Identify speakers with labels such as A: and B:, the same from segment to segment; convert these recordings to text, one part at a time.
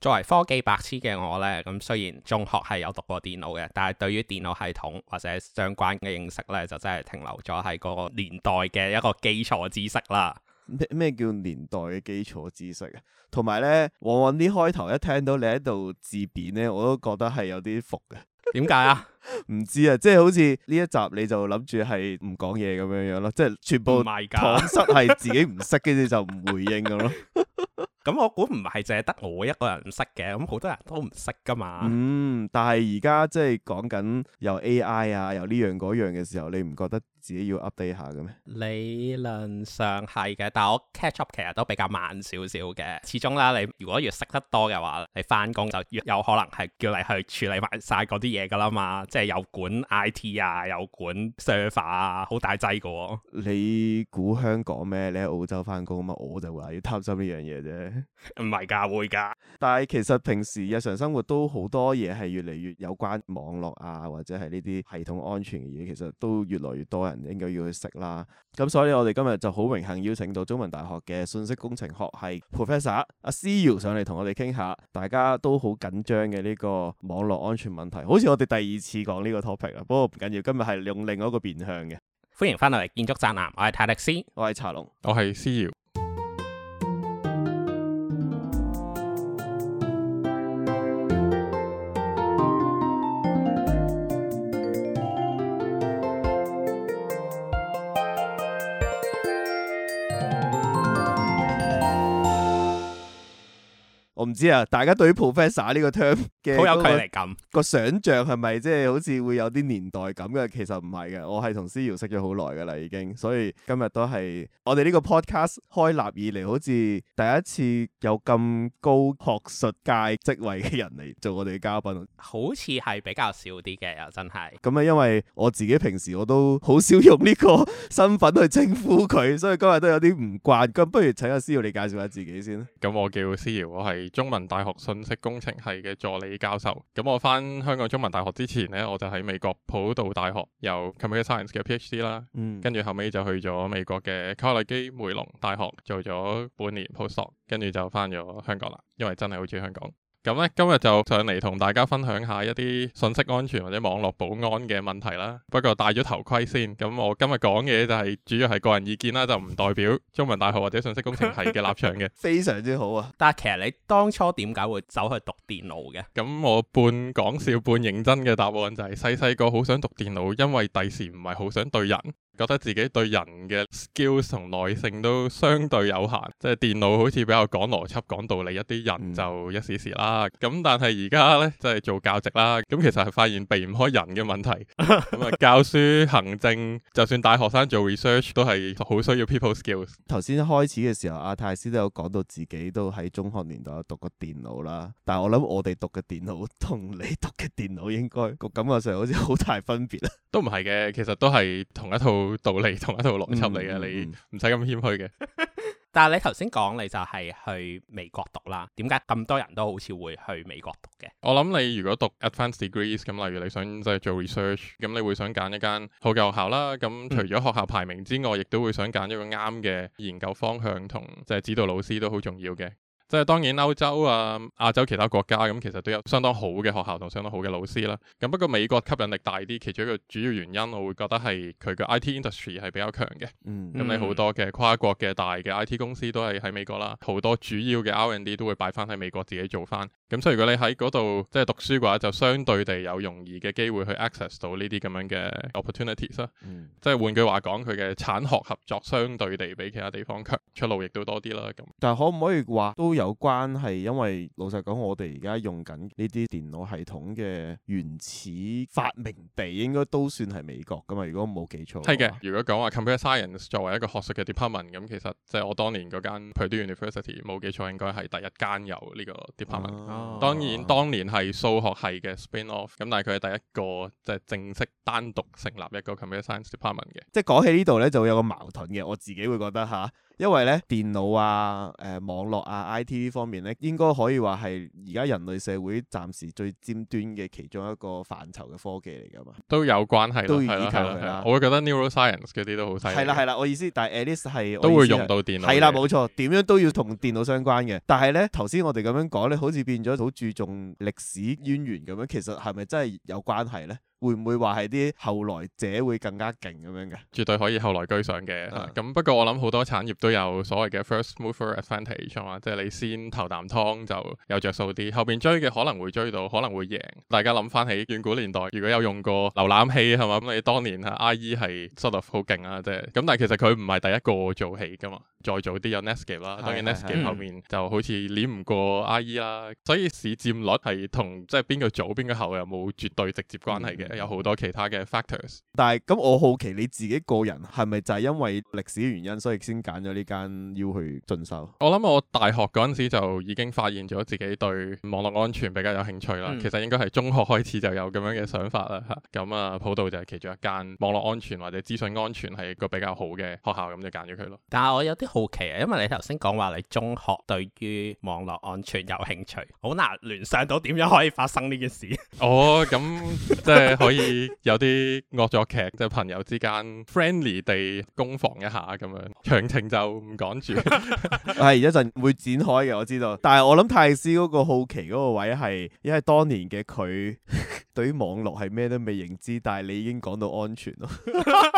A: 作為科技白痴嘅我呢，咁雖然中學係有讀過電腦嘅，但係對於電腦系統或者相關嘅認識呢，就真係停留咗喺個年代嘅一個基礎
B: 知識啦。咩咩叫年代嘅基礎知識啊？同埋呢，往往啲開頭一聽到你喺度自貶呢，我都覺得係有啲伏嘅。點解啊？ 唔知啊，即係好似呢一集你就諗住係唔講嘢咁樣樣咯，即係全部搪塞係自己唔識，嘅，你就唔回應噶咯。
A: 咁 我估唔係淨係得我一個人唔識嘅，咁好多人都唔識噶嘛。嗯，
B: 但係而家即係講緊有 A I 啊，有呢樣嗰樣嘅時候，你唔覺得自己要 update 下嘅咩？
A: 理論上係嘅，但係我 catch up 其實都比較慢少少嘅。始終啦，你如果越識得多嘅話，你翻工就越有可能係叫你去處理埋晒嗰啲嘢噶啦嘛。即係有管 IT 啊，有管 server 啊，好大劑嘅喎、
B: 哦。你估香港咩？你喺澳洲翻工啊，我就話要擔心呢樣嘢啫。
A: 唔係㗎，會㗎。
B: 但係其實平時日常生活都好多嘢係越嚟越有關網絡啊，或者係呢啲系統安全嘅嘢，其實都越來越多人應該要去識啦。咁所以我哋今日就好榮幸邀請到中文大學嘅信息工程學系 professor 阿 C Yiu 上嚟同我哋傾下，大家都好緊張嘅呢個網絡安全問題，好似我哋第二次。講呢個 topic 啊，不過唔緊要，今日係用另外一個變向嘅。
A: 歡迎翻嚟《建築宅男》，我係泰勒斯，我係查
C: 龍，我係思堯。
B: 我唔知啊，大家對於 professor 呢個 term 嘅好有距離感，個想像係咪即係好似會有啲年代感嘅？其實唔係嘅，我係同思瑤識咗好耐㗎喇，已經，所以今日都係我哋呢個 podcast 開立以嚟，好似第一次有咁高學術界職位嘅人嚟做我哋嘅嘉賓，
A: 好似係比較少啲嘅，又真係。
B: 咁啊，因為我自己平時我都好少用呢個身份去稱呼佢，所以今日都有啲唔慣。咁不如請阿思瑤你介紹下自己先
C: 啦。咁我叫思瑤，我係。中文大學信息工程系嘅助理教授，咁我返香港中文大學之前呢，我就喺美國普渡大學有 computer science 嘅 PhD 啦，嗯、跟住後尾就去咗美國嘅卡內基梅隆大學做咗半年 postdoc，跟住就返咗香港啦，因為真係好中意香港。咁咧今日就上嚟同大家分享下一啲信息安全或者網絡保安嘅問題啦。不過戴咗頭盔先。咁我今日講嘅嘢就係主要係個人意見啦，就唔代表中文大學或者信息工程系嘅立場嘅。 非常之好啊！但係其實你當初點解會走去讀電腦嘅？咁我半講笑半認真嘅答案就係細細個好想讀電腦，因為第時唔係好想對人。覺得自己對人嘅 skills 同耐性都相對有限，即係電腦好似比較講邏輯、講道理，一啲人就一時時啦。咁但係而家呢，即係做教職啦，咁其實係發現避唔開人嘅問題。 教書、行政，就算帶學生做 research，都係好需要 people skills。
B: 頭先開始嘅時候，阿泰師都有講到自己都喺中學年代有讀過電腦啦。但係我諗我哋讀嘅電腦同你讀嘅電腦應該個感覺上好似好大
C: 分別啊。都唔係嘅，其實都係同一套。道理同一套邏輯嚟嘅，你唔使咁謙虛嘅。嗯、
A: 但係
C: 你頭先講，
A: 你就係去美國讀啦。點解咁多人都好似會去美國讀
C: 嘅？我諗你如果讀 advanced degrees，咁例如你想即係做 research，咁你會想揀一間好嘅學校啦。咁除咗學校排名之外，亦都、嗯、會想揀一個啱嘅研究方向同即係指導老師都好重要嘅。即係當然歐洲啊、亞洲其他國家咁、嗯，其實都有相當好嘅學校同相當好嘅老師啦。咁不過美國吸引力大啲，其中一個主要原因我會覺得係佢個 IT industry 係比較強嘅。嗯，咁你好多嘅跨國嘅大嘅 IT 公司都係喺美國啦，好多主要嘅 R&D 都會擺返喺美國自己做返。咁所以如果你喺嗰度即係讀書嘅話，就相對地有容易嘅機會去 access 到呢啲咁樣嘅 opportunities 咯、啊。嗯、即係換句話講，佢嘅產學合作相對地比其他地方強，出路亦都多啲啦。咁、啊、
B: 但係可唔可以話都有關係，因為老實講，我哋而家用緊呢啲電腦系統嘅原始發明地應該都算係美國㗎嘛。如果冇記錯，係嘅。
C: 如果講話 computer science 作為一個學術嘅 department，咁、啊、其實即係我當年嗰間 Perdue University 冇記錯應該係第一間有呢個 department。啊當然，當年係數學系嘅 spin-off，咁但係佢係第一個即係、就是、正式單獨成立一個 computer science department 嘅。
B: 即係講起呢度咧，就會有個矛
C: 盾嘅，我自己會覺得嚇。
B: 因為咧電腦啊、誒、呃、網絡啊、IT 呢方面咧，應該可以話係而家人類社會暫時最尖端嘅其中一個範疇嘅科技嚟㗎嘛，
C: 都有關係，都要依靠佢。我會覺得 neuroscience 嗰啲都好犀利。係啦係啦，我
B: 意思，但係 at least 係都會用到電腦。係啦，冇錯，點樣都要同電腦相關嘅。但係咧，頭先我哋咁樣講咧，好似變咗好注重歷史淵源咁樣，其實係咪真係有關係咧？會唔會話係
C: 啲後來者會更加勁咁樣嘅？絕對可以後來居上嘅。咁、uh huh. 不過我諗好多產業都有所謂嘅 first mover advantage，即係你先頭啖湯就有着數啲。後邊追嘅可能會追到，可能會贏。大家諗翻起遠古年代，如果有用過瀏覽器啊嘛，咁你當年啊 IE 係 sort of 好勁啊，即係咁。但係其實佢唔係第一個做起噶嘛，再早啲有 Netscape 啦，uh huh. 當然 Netscape、uh huh. 後面就好似斬唔過 IE 啦。所以市佔率係同即係邊個早邊個後又冇絕對直接關係嘅。Uh huh. 有好多其他嘅 factors，
B: 但係咁我好奇你自己個人係咪就係因為歷史原因，所以先揀咗呢間要去進修？
C: 我諗我大學嗰陣時就已經發現咗自己對網絡安全比較有興趣啦。嗯、其實應該係中學開始就有咁樣嘅想法啦。吓，咁啊，普度就係其中一間網絡安全或者資訊安全係一個比較好嘅學校，咁就揀咗佢咯。但係我有啲好奇啊，因為你頭先講話你中學對於網絡安全有興趣，
A: 好難聯想到點樣可以發生呢件事。哦，咁即係。就是 可以
C: 有啲惡作劇，即係朋友之間 friendly 地攻防一下咁樣，詳情就唔講住。係
B: 一陣會展開嘅，我知道。但係我諗泰斯嗰個好奇嗰個位係，因為當年嘅佢對於網絡係咩都未認知，但係你
C: 已經講到安全咯。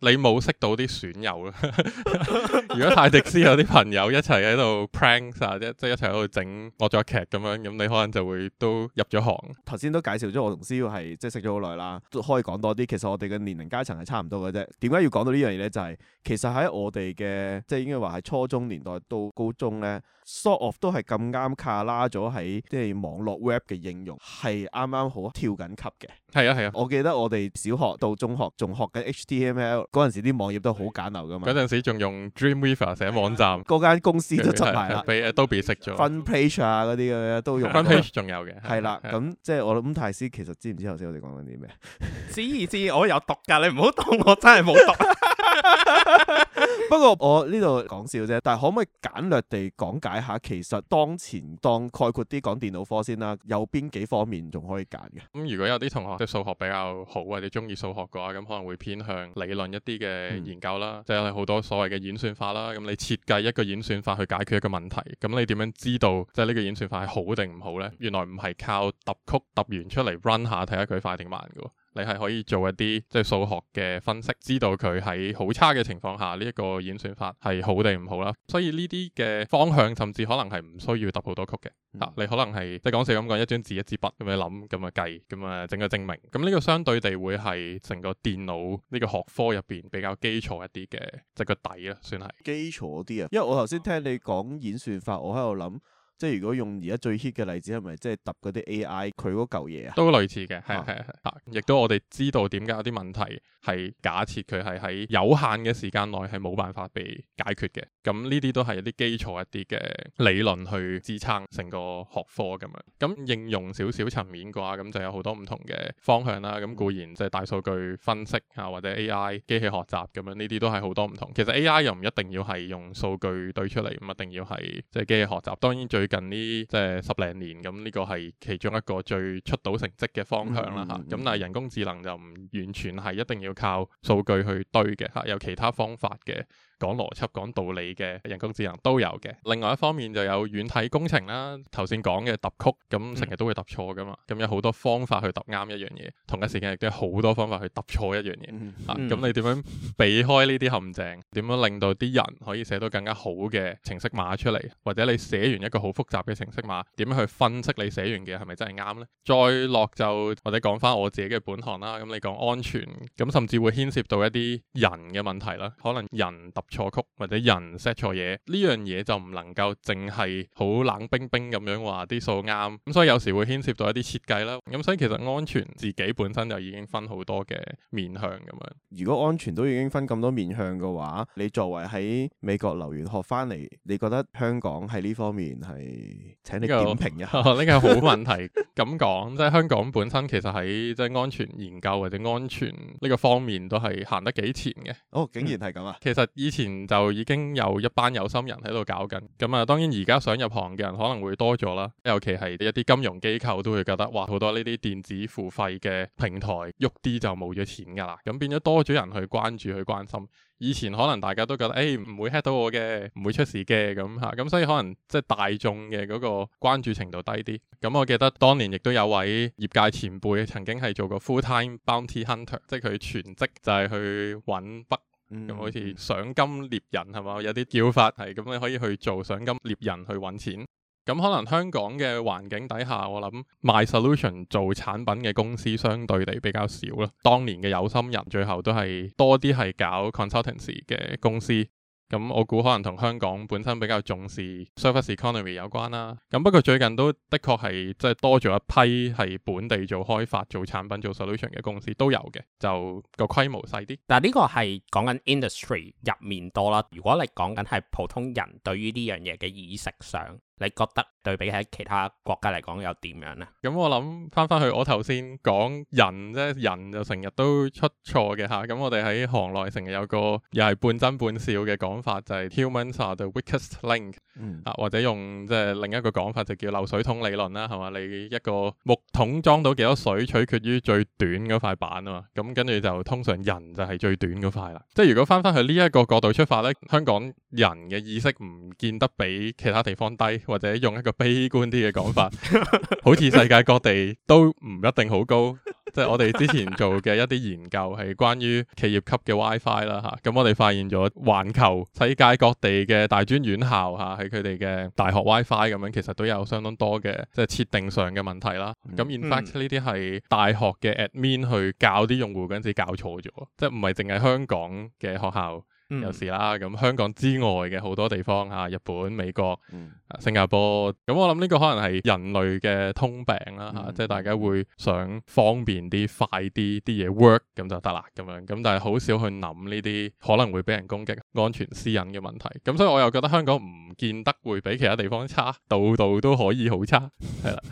C: 你冇識到啲損友啦， 如果泰迪斯有啲朋友一齊喺度 prank 啫，即係一齊喺度整惡作劇咁樣，咁你可能就會都入咗行。
B: 頭先都介紹咗我同 C Yiu 係即係識咗好耐啦，都可以講多啲。其實我哋嘅年齡階層係差唔多嘅啫。點解要講到呢樣嘢咧？就係其實喺我哋嘅即係應該話係初中年代到高中咧。Sort of 都係咁啱卡拉咗喺即係網絡 web 嘅應用，係啱啱好跳緊級嘅。係啊係啊，啊我記得我哋小學到中學仲學緊 HTML 嗰陣時，啲網頁都好簡陋噶嘛。嗰陣時
C: 仲用 Dreamweaver 寫網站，嗰間、啊、公司都出埋啦、啊啊，都 Adobe 咗。
B: FrontPage 啊嗰啲咁都用。FrontPage 仲有嘅。係啦、啊，咁、啊、即係我諗，太師其實知唔知頭先我哋講緊啲咩？知知，我有毒㗎，你唔好當我真係冇毒。 不過我呢度講笑啫，但係可唔可以簡略地講解下？其實當前當概括啲講電腦科先啦，有邊幾方面仲可以揀嘅？
C: 咁如果有啲同學即係數學比較好或者中意數學嘅話，咁可能會偏向理論一啲嘅研究啦，即係有好多所謂嘅演算法啦。咁你設計一個演算法，去解決一個問題，咁你點樣知道即係呢個演算法係好定唔好呢？原來唔係靠揼曲，揼完出嚟 run 下睇下佢快定慢嘅。你係可以做一啲即係數學嘅分析，知道佢喺好差嘅情況下呢一、這個演算法係好定唔好啦。所以呢啲嘅方向甚至可能係唔需要揼好多曲嘅。吓、嗯啊，你可能係即係講笑咁講，一張紙一支筆咁樣諗咁啊計咁啊整個證明。咁呢個相對地會係成個電腦呢、這個學科入邊比較基礎一啲嘅，即係個底咯，算係。基礎啲啊，因為
B: 我頭先聽你講演算法，我喺度諗。即係如果用而
C: 家最 hit 嘅例子，係咪即係揼嗰啲 AI 佢嗰嚿嘢啊？都類似嘅，係係係。亦、啊、都我哋知道點解有啲問題係假設佢係喺有限嘅時間內係冇辦法被解決嘅。咁呢啲都係一啲基礎一啲嘅理論去支撐成個學科咁樣。咁應用少少層面嘅話，咁就有好多唔同嘅方向啦。咁固然即係大數據分析啊，或者 AI 機器學習咁樣，呢啲都係好多唔同。其實 AI 又唔一定要係用數據對出嚟，唔一定要係即係機器學習。當然最近呢即係十零年咁，呢、嗯呢個係其中一個最出到成績嘅方向啦嚇。咁、嗯嗯嗯啊、但係人工智能就唔完全係一定要靠數據去堆嘅嚇、啊，有其他方法嘅。講邏輯、講道理嘅人工智能都有嘅。另外一方面就有軟體工程啦，頭先講嘅揼曲咁成日都會揼錯噶嘛。咁有好多方法去揼啱一樣嘢，同一時間亦都有好多方法去揼錯一樣嘢。嗯嗯、啊，咁你點樣避開呢啲陷阱？點樣令到啲人可以寫到更加好嘅程式碼出嚟？或者你寫完一個好複雜嘅程式碼，點樣去分析你寫完嘅係咪真係啱呢？再落就或者講翻我自己嘅本行啦。咁你講安全，咁甚至會牽涉到一啲人嘅問題啦。可能人錯曲或者人 set 錯嘢呢樣嘢就唔能夠淨係好冷冰冰咁樣話啲數啱咁，所以有時會牽涉到一啲設計啦。咁所以其實安全自己本身就已經分好多嘅面向咁樣。
B: 如果安全都已經分咁多面向嘅話，你作為喺美國留完學翻嚟，你覺得香港喺呢方面係，請你點評一下。呢、這個係好 問題。
C: 咁講即係香港本身其實喺即係安全研究或者安全呢個方面都係行得幾前嘅。哦，竟然係咁啊！ 其實以前。以前就已經有一班有心人喺度搞緊，咁啊，當然而家想入行嘅人可能會多咗啦，尤其係一啲金融機構都會覺得，哇，好多呢啲電子付費嘅平台喐啲就冇咗錢㗎喇，咁變咗多咗人去關注去關心。以前可能大家都覺得，誒、欸、唔會 hit 到我嘅，唔會出事嘅咁嚇，咁所以可能即係大眾嘅嗰個關注程度低啲。咁我記得當年亦都有位業界前輩曾經係做過 full time bounty hunter，即係佢全職就係去揾北。咁好似賞金獵人係嘛，有啲叫法係咁，你可以去做賞金獵人去揾錢。咁可能香港嘅環境底下，我諗賣 solution 做產品嘅公司相對地比較少啦。當年嘅有心人，最後都係多啲係搞 consultancy 嘅公司。咁、嗯、我估可能同香港本身比較重視 service economy 有關啦。咁、嗯、不過最近都的確係即係多咗一批係本地做開發、做產品、做 solution 嘅公司都有嘅，就個規模細啲。但係呢個係講緊 industry 入面多啦。
A: 如果你講緊係普通人對於呢樣嘢嘅意識上。你覺得對比喺其
C: 他國家嚟講又點樣咧？咁我諗翻翻去，我頭先講人啫，人就成日都出錯嘅吓。咁、啊、我哋喺行內成日有個又係半真半笑嘅講法，就係 humans are the weakest link、嗯、啊，或者用即係另一個講法就叫漏水桶理論啦，係嘛？你一個木桶裝到幾多水，取決於最短嗰塊板啊嘛。咁跟住就通常人就係最短嗰塊啦。嗯、即係如果翻翻去呢一個角度出發咧，香港人嘅意識唔見得比其他地方低。或者用一個悲觀啲嘅講法， 好似世界各地都唔一定好高，即係我哋之前做嘅一啲研究係關於企業級嘅 WiFi 啦嚇，咁、啊、我哋發現咗環球世界各地嘅大專院校嚇，喺佢哋嘅大學 WiFi 咁樣，其實都有相當多嘅即係設定上嘅問題啦。咁、嗯、In fact 呢啲係大學嘅 admin 去教啲用戶嗰陣時教錯咗，即係唔係淨係香港嘅學校。有時啦，咁香港之外嘅好多地方嚇、啊，日本、美國、嗯啊、新加坡，咁我諗呢個可能係人類嘅通病啦嚇，啊嗯、即係大家會想方便啲、快啲啲嘢 work 咁就得啦咁樣，咁但係好少去諗呢啲可能會俾人攻擊、安全私隱嘅問題，咁所以我又覺得香港唔見得會比其他地方差，度度都可以好差，係啦。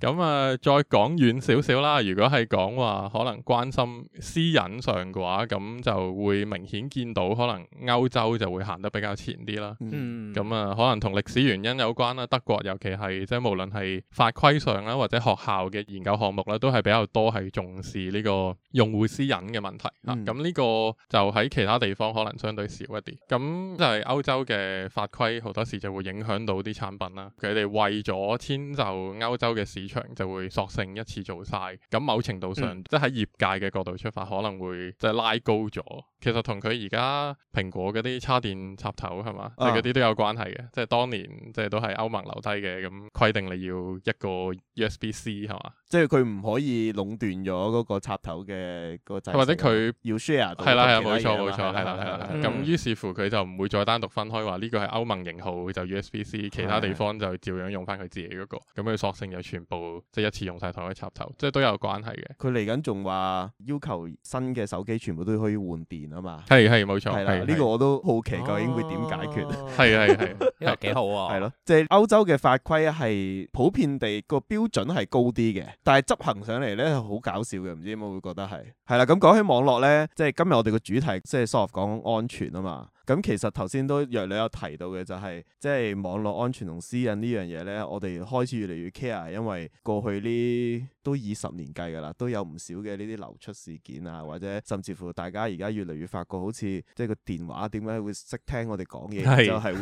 C: 咁啊，再講遠少少啦。如果係講話可能關心私隱上嘅話，咁就會明顯見到可能歐洲就會行得比較前啲啦。嗯，咁啊，可能同歷史原因有關啦。德國尤其係即係無論係法規上啦，或者學校嘅研究項目咧，都係比較多係重視呢個用戶私隱嘅問題。嗱、嗯。咁呢個就喺其他地方可能相對少一啲。咁就係歐洲嘅法規好多時就會影響到啲產品啦。佢哋為咗遷就歐洲嘅市場，場就會索性一次做晒，咁某程度上、嗯、即係喺業界嘅角度出發，可能會即係拉高咗。其實同佢而家蘋果嗰啲叉電插頭係嘛，啊、即係嗰啲都有關係嘅。即係當年即係都係歐盟留低嘅咁規定，你要一個 USB C 係嘛？
B: 即係佢唔可以壟斷咗嗰個插頭嘅個製，或者佢要 share 係啦，係冇錯冇錯，係啦係啦。咁於
C: 是乎佢就唔會再單獨分開話呢個係歐盟型號，就 USB-C，其他地方就照樣用翻佢自己嗰個。咁佢索性就全部即係一次用晒同一插頭，即係都有關係嘅。佢嚟緊仲話
B: 要求新嘅手機全部都可以換電啊嘛。係係冇錯。係啦，呢個我都好奇究竟會點解決？係係係，又幾好啊。係咯，即係歐洲嘅法規係普遍地個標準係高啲嘅。但係執行上嚟咧，好搞笑嘅，唔知點解會覺得係，係啦。咁講起網絡咧，即係今日我哋個主題，即係 soft 講安全啊嘛。咁其實頭先都約略有提到嘅、就係，就係即係網絡安全同私隱呢樣嘢咧，我哋開始越嚟越 care，因為過去呢，都以十年計㗎啦，都有唔少嘅呢啲流出事件啊，或者甚至乎大家而家越嚟越發覺好，好似即係個電話點解會識聽我哋講嘢，是就係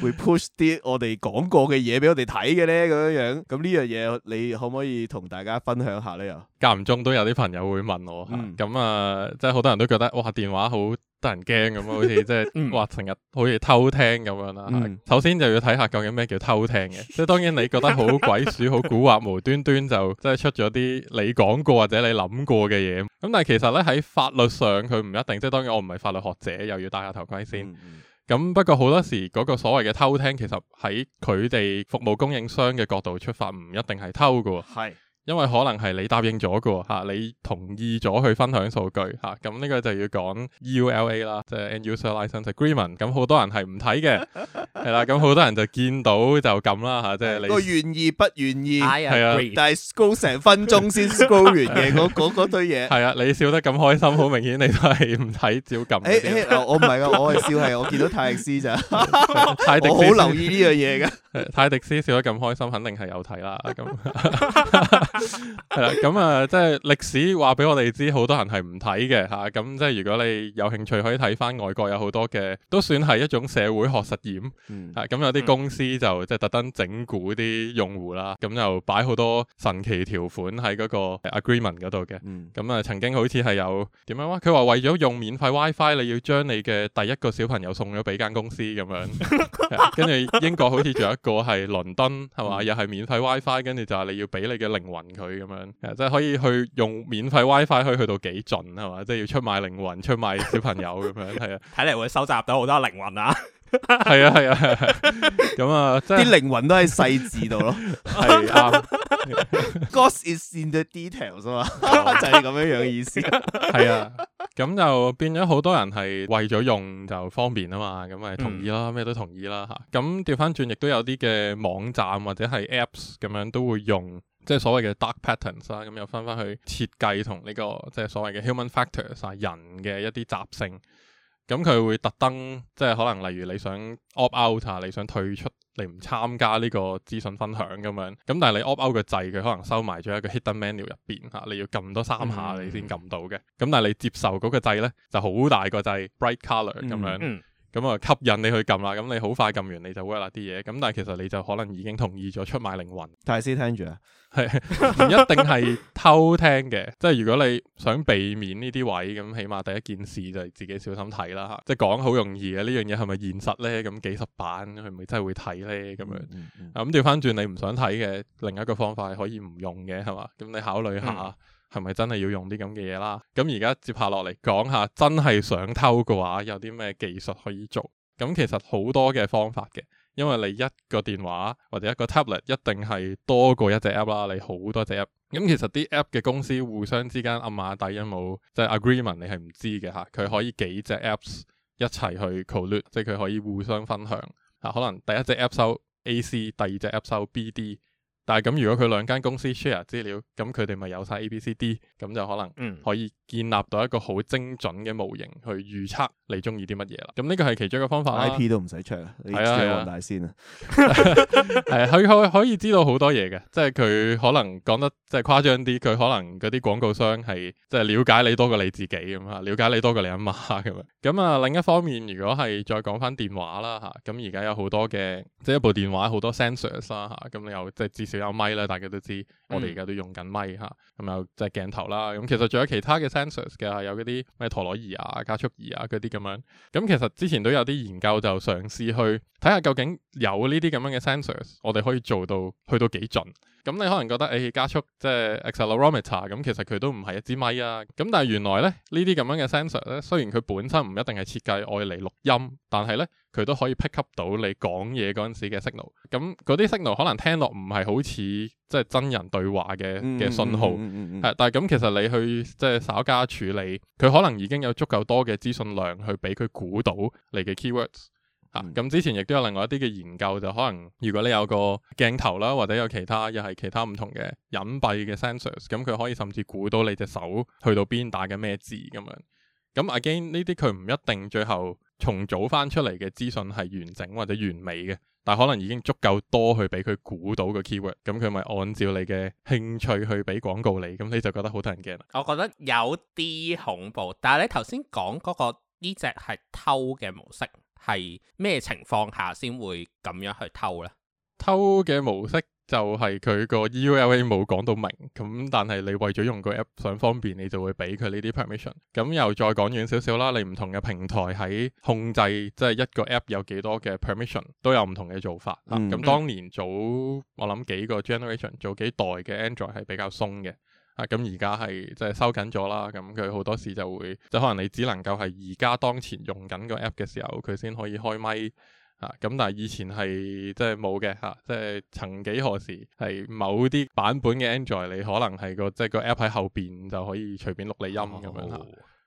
B: 會 會 push 啲我哋講過嘅嘢俾我哋睇嘅咧咁樣樣。咁呢樣嘢你可唔可以同大家分享下呢？又
C: 間唔中都有啲朋友會問我，咁、嗯、啊，即係好多人都覺得哇電話好得人驚咁啊，好似即係哇成日好似偷聽咁樣啦。嗯、首先就要睇下究竟咩叫偷聽嘅，即係、嗯、當然你覺得好鬼鼠、好古惑、無端端，端就即係。 出咗啲你講過或者你諗過嘅嘢，咁、嗯、但係其實咧喺法律上佢唔一定，即係當然我唔係法律學者，又要戴下頭盔先。咁、嗯、不過好多時嗰、嗰個所謂嘅偷聽，其實喺佢哋服務供應商嘅角度出發，唔一定係偷㗎喎。因為可能係你答應咗嘅吓，你同意咗去分享數據吓，咁呢個就要講 EULA 啦，即、就、係、是、End User License Agreement、啊。咁好多人係唔睇嘅，係啦， 咁、啊、好多人就見到就撳啦吓，即、啊、係、就是、你個願
B: 意不願意係 I agree, 啊？但係 scroll 成分鐘先 scroll 完嘅，嗰 堆嘢
C: 係啊！你笑得咁開心，好明顯你都係唔睇照撳。誒我唔係噶，
B: 我係笑係 我見到泰, 泰迪斯咋？泰我好留意呢樣嘢噶。
C: 泰迪斯笑得咁開心，肯定係有睇啦。咁、啊。啊啊啊 係啦，咁 啊，即係歷史話俾我哋知，好多人係唔睇嘅吓，咁即係如果你有興趣，可以睇翻外國有好多嘅，都算係一種社會學實驗，咁、啊嗯嗯、有啲公司就即係特登整蠱啲用戶啦，咁就擺好多神奇條款喺嗰、嗰個 agreement 嗰度嘅，咁啊，啊、嗯欸、曾經好似係有點樣話、啊，佢話為咗用免費 WiFi，你要將你嘅第一個小朋友送咗俾間公司咁樣，跟住、 啊、英國好似仲有一個係倫敦係嘛，嗯、又係免費 WiFi，跟住就係你要俾你嘅靈魂。佢咁樣，即係可以去用免費 WiFi，可以去到幾盡係嘛？即係要出賣靈魂、出賣小朋友咁樣，係啊，睇嚟 會收集到好多
B: 靈魂啊！
C: 係 啊，係啊，係係，咁啊，啲靈魂都喺細緻度咯，係啊。God
B: is in the details 啊嘛，就係咁樣樣意思。係啊，
C: 咁就變咗好多人係為咗用就方便啊嘛，咁咪同意咯，咩都同意啦吓。咁調翻轉，亦、嗯嗯、都有啲嘅網站或者係 Apps 咁樣都會用。即係所謂嘅 dark patterns 啦、啊，咁又翻翻去設計同呢、這個即係所謂嘅 human factors 啊，人嘅一啲習性，咁、啊、佢會特登即係可能例如你想 opt out 啊，你想退出，你唔參加呢個資訊分享咁樣，咁但係你 opt out 個掣，佢可能收埋咗一個 hidden menu 入邊嚇、啊，你要撳多三下你先撳到嘅，咁、嗯嗯、但係你接受嗰個掣咧，就好大個掣，bright color 咁樣。嗯嗯咁啊，就吸引你去撳啦，咁你好快撳完你就屈啦啲嘢，咁但係其實你就可能已經同意咗出賣靈魂。大
B: 師聽住啊，係
C: 唔一定係偷聽嘅，即係如果你想避免呢啲位，咁起碼第一件事就係自己小心睇啦吓，即係講好容易嘅呢樣嘢，係咪現實咧？咁幾十版佢咪真係會睇咧？咁樣、嗯嗯嗯、啊咁調翻轉你唔想睇嘅，另一個方法係可以唔用嘅係嘛？咁你考慮下。嗯係咪真係要用啲咁嘅嘢啦？咁而家接下落嚟講下，真係想偷嘅話，有啲咩技術可以做？咁其實好多嘅方法嘅，因為你一個電話或者一個 tablet 一定係多過一隻 app 啦，你好多隻 app。咁其實啲 app 嘅公司互相之間暗碼底有冇即係、就是、agreement？你係唔知嘅嚇，佢可以幾隻 apps 一齊去 collude，即係佢可以互相分享。嚇，可能第一隻 app 收 A C，第二隻 app 收 B D。但係咁，如果佢兩間公司 share 資料，咁佢哋咪有晒 A B, C, D,、B、嗯、C、嗯、D，咁就可能可以建立到一個好精準嘅模型去預測你中意啲乜嘢啦。咁呢個係其中一個方法啦。I P 都唔使出啦，你試下王大仙啊，係啊， 佢可可以知道好多嘢嘅， 即係佢可能講得即係誇張啲，佢可能嗰啲廣告商係即係了解你多過你自己咁啊，瞭解你多過你阿媽咁樣。咁、嗯、啊、嗯、另一方面，如果係再講翻電話啦嚇，咁而家有好多嘅，即係一部電話好多 sensors 啦嚇，咁你又即係知識。有咪啦，大家都知，嗯、我哋而家都用緊咪。吓、啊，咁有即係鏡頭啦，咁其實仲有其他嘅 sensors 嘅，有嗰啲咩陀螺儀啊、加速儀啊嗰啲咁樣。咁其實之前都有啲研究就嘗試去睇下究竟有呢啲咁樣嘅 sensors，我哋可以做到去到幾盡。咁你可能覺得，誒，加速即係、就是、accelerometer，咁其實佢都唔係一支咪啊。咁但係原來咧，這這呢啲咁樣嘅 sensor 咧，雖然佢本身唔一定係設計愛嚟錄音，但係咧。佢都可以 pick up 到你講嘢嗰陣時嘅 signal，咁嗰啲 signal 可能聽落唔係好似即係真人對話嘅嘅信號，係、嗯嗯嗯嗯啊，但係咁其實你去即係稍加處理，佢可能已經有足夠多嘅資訊量去俾佢估到你嘅 keywords，嚇，咁、嗯啊、之前亦都有另外一啲嘅研究就可能，如果你有個鏡頭啦，或者有其他又係其他唔同嘅隱蔽嘅 sensors，咁、啊、佢可以甚至估到你隻手去到邊打緊咩字咁樣，咁 again，呢啲佢唔一定最後。重組翻出嚟嘅資訊係完整或者完美嘅，但可能已經足夠多去俾佢估到個 keyword，咁佢咪按照你嘅興趣去俾廣告你，咁你就覺得好得人驚啦。
A: 我覺得有啲恐怖，但係你頭先講嗰個呢只係偷嘅模式，係咩情況下先會咁樣去偷呢？
C: 偷嘅模式。就係佢個 EULA 冇講到明，咁但係你為咗用個 app 想方便，你就會俾佢呢啲 permission。咁又再講遠少少啦，你唔同嘅平台喺控制即係、就是、一個 app 有幾多嘅 permission 都有唔同嘅做法。咁、嗯啊、當年早我諗幾個 generation 早幾代嘅 Android 係比較鬆嘅，啊咁而家係即係收緊咗啦。咁佢好多時就會就可能你只能夠係而家當前用緊個 app 嘅時候，佢先可以開咪。啊，咁但以前係即係冇嘅，吓，即係、啊、曾幾何時係某啲版本嘅 Android，你可能係個即係個 app 喺後面，就可以隨便錄你音咁、oh. 樣、啊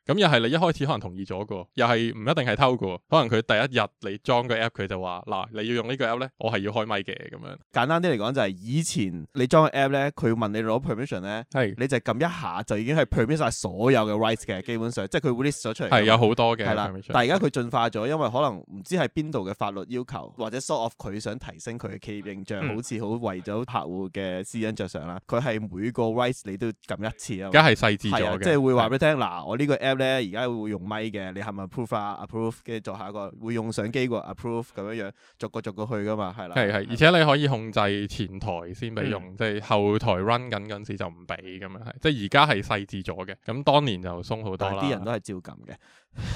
C: 咁又係你一開始可能同意咗個，又係唔一定係偷個，可能佢第一日你裝個 app 佢就話嗱，你要用呢個 app 咧，我係要開咪嘅咁樣。簡單啲嚟講就係以
B: 前你裝個 app 咧，佢問你攞 permission 咧，係是你就撳一下就已經係 permission 曬所有嘅 rights 嘅，基本上即係佢 list 咗出嚟係是為有好多嘅，係啦。permission 但而家佢進化咗，因為可能唔知係邊度嘅法律要求，或者 sort of 佢想提升佢嘅企業形象，嗯、好似好為咗客戶嘅私隱着想啦。佢係、嗯、每個 rights 你都撳一次啊，而家係細緻咗嘅，即係會話俾你聽嗱，我呢個 app。咧，而家會用咪嘅，你係咪 approve、啊、approve 嘅？做下一個會用相機喎 approve 咁樣樣，逐個逐個去㗎嘛，係啦。係係的，的而
C: 且你可以控制前台先俾用，嗯、即係後台 run 緊嗰時就唔俾咁樣，係即係而家係細緻咗嘅。咁當年就鬆好多啦。啲人都係照咁嘅。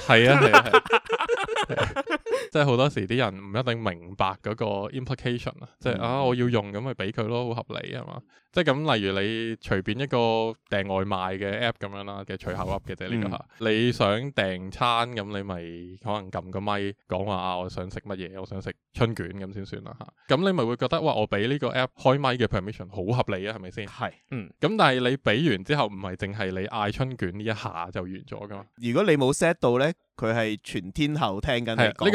C: 係啊係啊係。 即係好多時啲人唔一定明白嗰個 implication 啊，即係啊我要用咁咪俾佢咯，好合理係嘛？即係咁，例如你隨便一個訂外賣嘅 app 咁樣啦嘅隨口噏嘅啫，呢一下，嗯，你想訂餐咁，你咪可能撳個咪講話啊我，我想食乜嘢，我想食春卷咁先算啦嚇。咁你咪會覺得哇，我俾呢個 app 開咪嘅 permission 好合理啊，係咪先？係，嗯。咁但係你俾完之後，唔係淨係你嗌春卷呢一下就完咗噶嘛？如果你冇 set 到咧，佢係全天候聽緊你講。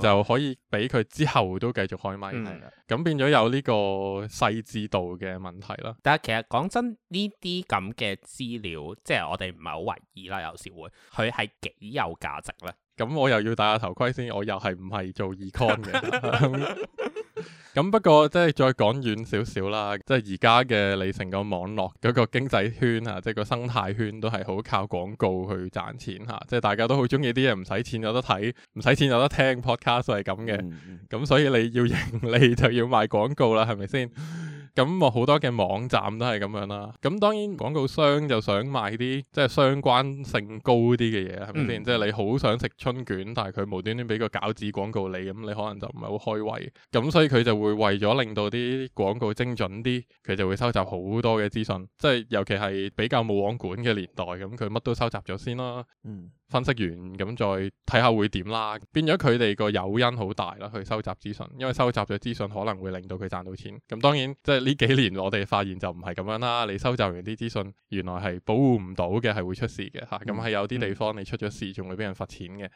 C: 就可以俾佢之後都繼續開麥，係啦、嗯，咁變咗有呢個細緻度嘅問題啦、嗯。但係其實講真，呢啲咁嘅資料，即係我哋唔係好為意
A: 啦，有時會
C: 佢係幾有價值咧。咁我又要戴下頭盔先，我又係唔係做 econ 嘅？咁 不過即係再講遠少少啦，即係而家嘅你成個網絡嗰個經濟圈啊，即係個生態圈都係好靠廣告去賺錢嚇，即係大家都好中意啲嘢唔使錢有得睇，唔使錢有得聽 podcast 係咁嘅，咁、嗯嗯、所以你要盈利就要賣廣告啦，係咪先？咁我好多嘅網站都係咁樣啦，咁當然廣告商就想賣啲即係相關性高啲嘅嘢，係咪先？嗯、即係你好想食春卷，但係佢無端端俾個餃子廣告你，咁你可能就唔係好開胃。咁所以佢就會為咗令到啲廣告精準啲，佢就會收集好多嘅資訊，即係尤其係比較冇網管嘅年代，咁佢乜都收集咗先啦。嗯分析完咁再睇下會點啦，變咗佢哋個誘因好大啦，去收集資訊，因為收集咗資訊可能會令到佢賺到錢。咁當然即係呢幾年我哋發現就唔係咁樣啦，你收集完啲資訊原來係保護唔到嘅，係會出事嘅吓。咁係有啲地方你出咗事仲會俾人罰錢嘅。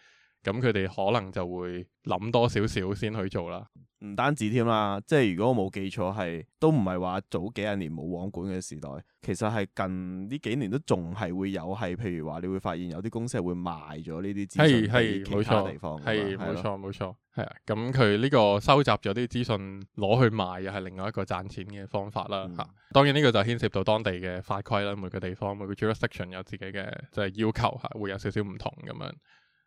C: 咁佢哋可能就會諗多少少先去做啦。唔單止添啦，即係如果我冇記錯，係都唔
B: 係話早幾十年冇網管嘅時代，其實係近呢幾年都仲係會有係，
C: 譬如話你會發現有啲公司係會賣咗呢啲資訊俾其他地方。係，冇錯，冇錯，係啊。咁佢呢個收集咗啲資訊攞去賣又係另外一個賺錢嘅方法啦。嚇、嗯，當然呢個就牽涉到當地嘅法規啦。每個地方每個 jurisdiction 有自己嘅就係要求嚇，會有少少唔同咁樣。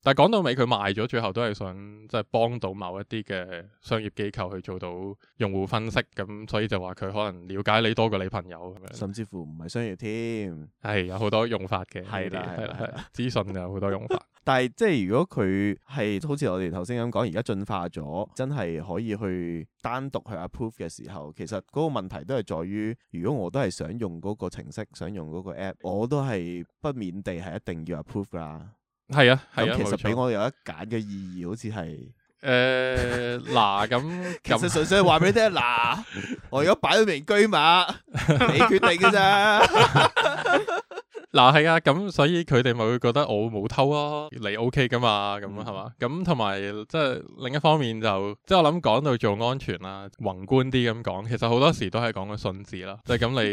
C: 但係講到尾，佢賣咗，最後都係想即係幫到某一啲嘅商業機構去做到用戶分析，咁所以就話佢可能了解你多過女朋友咁樣，甚至乎唔係商業添，係有好多用法嘅，係啦係啦，資訊 有好多用法。
B: 但係即係如果佢係好似我哋頭先咁講，而家進化咗，真係可以去單獨去 approve 嘅時候，其實嗰個問題都係在於，如果我都係想用嗰個程式，想用嗰個 app，我都係不免地係一定要 approve 噶。係啊，咁、啊、其實俾我有一揀嘅意義好沒錯、 呃，好似係
C: 誒嗱，咁其實純粹係話俾你聽，嗱， 我而家擺咗
B: 名居馬，你決定嘅咋。
C: 嗱，係啊，咁所以佢哋咪會覺得我冇偷咯、啊，你 O K 噶嘛，咁係嘛，咁同埋即係另一方面就，即係我諗講到做安全啊、宏觀啲咁講，其實好多時都係講個信字啦，就咁、係、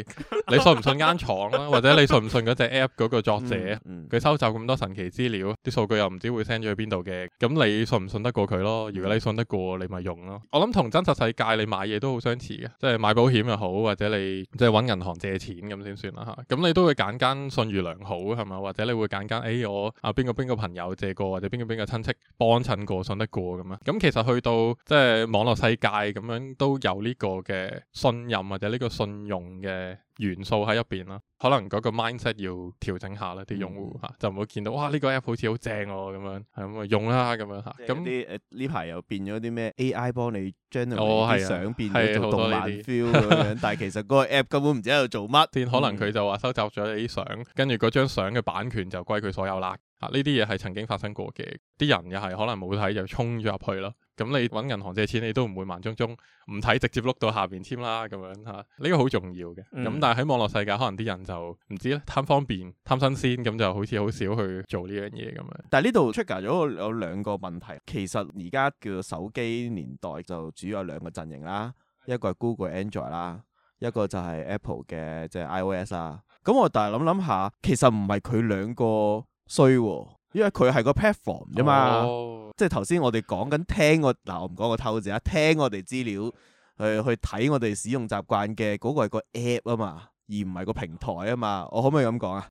C: 你你信唔信間廠啦、啊， 或者你信唔信嗰隻 app 嗰個作者，佢、嗯嗯、收集咁多神奇資料，啲數據又唔知會 send 咗去邊度嘅，咁你信唔信得過佢咯？如果你信得過，你咪用咯。我諗同真實世界你買嘢都好相似嘅，即係買保險又好，或者你即係揾銀行借錢咁先算啦吓，咁、啊、你都會揀間信。信良好係嘛，或者你會揀揀誒，我啊邊個邊個朋友借過，或者邊個邊個親戚幫襯過，信得過咁樣，咁、嗯、其實去到即係、就是、網絡世界咁樣，都有呢個嘅信任或者呢個信用嘅。元素喺入邊啦，可能嗰個 mindset 要調整下啦，啲用戶吓、嗯啊、就唔會見到哇呢、這個 app 好似好正哦、啊、咁樣，係咁些樣啊用啦咁樣吓咁啲誒呢排又變咗啲咩 AI 幫你 generate 啲相變咗做動漫 feel 咁樣，但係其實嗰個 app 根本唔知喺度做乜，可能佢就話收集咗你啲相，跟住嗰張相嘅版權就歸佢所有啦吓呢啲嘢係曾經發生過嘅，啲人又係可能冇睇就衝咗入去咯。咁你揾銀行借錢，你都唔會盲舂舂唔睇直接碌到下邊簽啦，咁樣嚇，呢個好重要嘅。咁、嗯、但係喺網絡世界，可能啲人就唔知啦，貪方便、貪新鮮，咁就好似好少去做呢樣嘢咁樣。但係呢度 trigger 咗有兩個問題。其實而家
B: 叫手機年代，就主要有兩個陣營啦，一個係 Google Android 啦，一個就係 Apple 嘅即係、就是、iOS 啦。咁我但係諗諗下，其實唔係佢兩個衰、啊，因為佢係個 platform 啫嘛。哦。即係頭先我哋講緊聽我嗱，我唔講個透字啊，聽我哋資料去去睇我哋使用習慣嘅嗰、個係個 app 啊嘛，而唔係個平台啊嘛，我可唔可以咁講啊？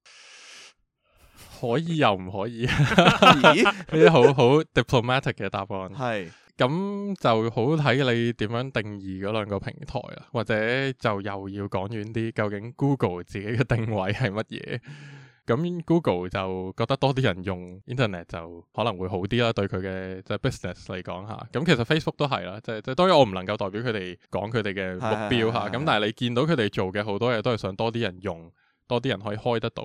C: 可以又唔可以？呢啲好 好 diplomatic 嘅答案。係咁是就好睇你點樣定義嗰兩個平台啊，或者就又要講遠啲，究竟 Google 自己嘅定位係乜嘢？咁 Google 就覺得多啲人用 Internet 就可能會好啲啦，對佢嘅即係 business 嚟講吓。咁、就是、其實 Facebook 都係啦，即係即係當然我唔能夠代表佢哋講佢哋嘅目標吓。咁但係你見到佢哋做嘅好多嘢都係想多啲人用，多啲人可以開得到。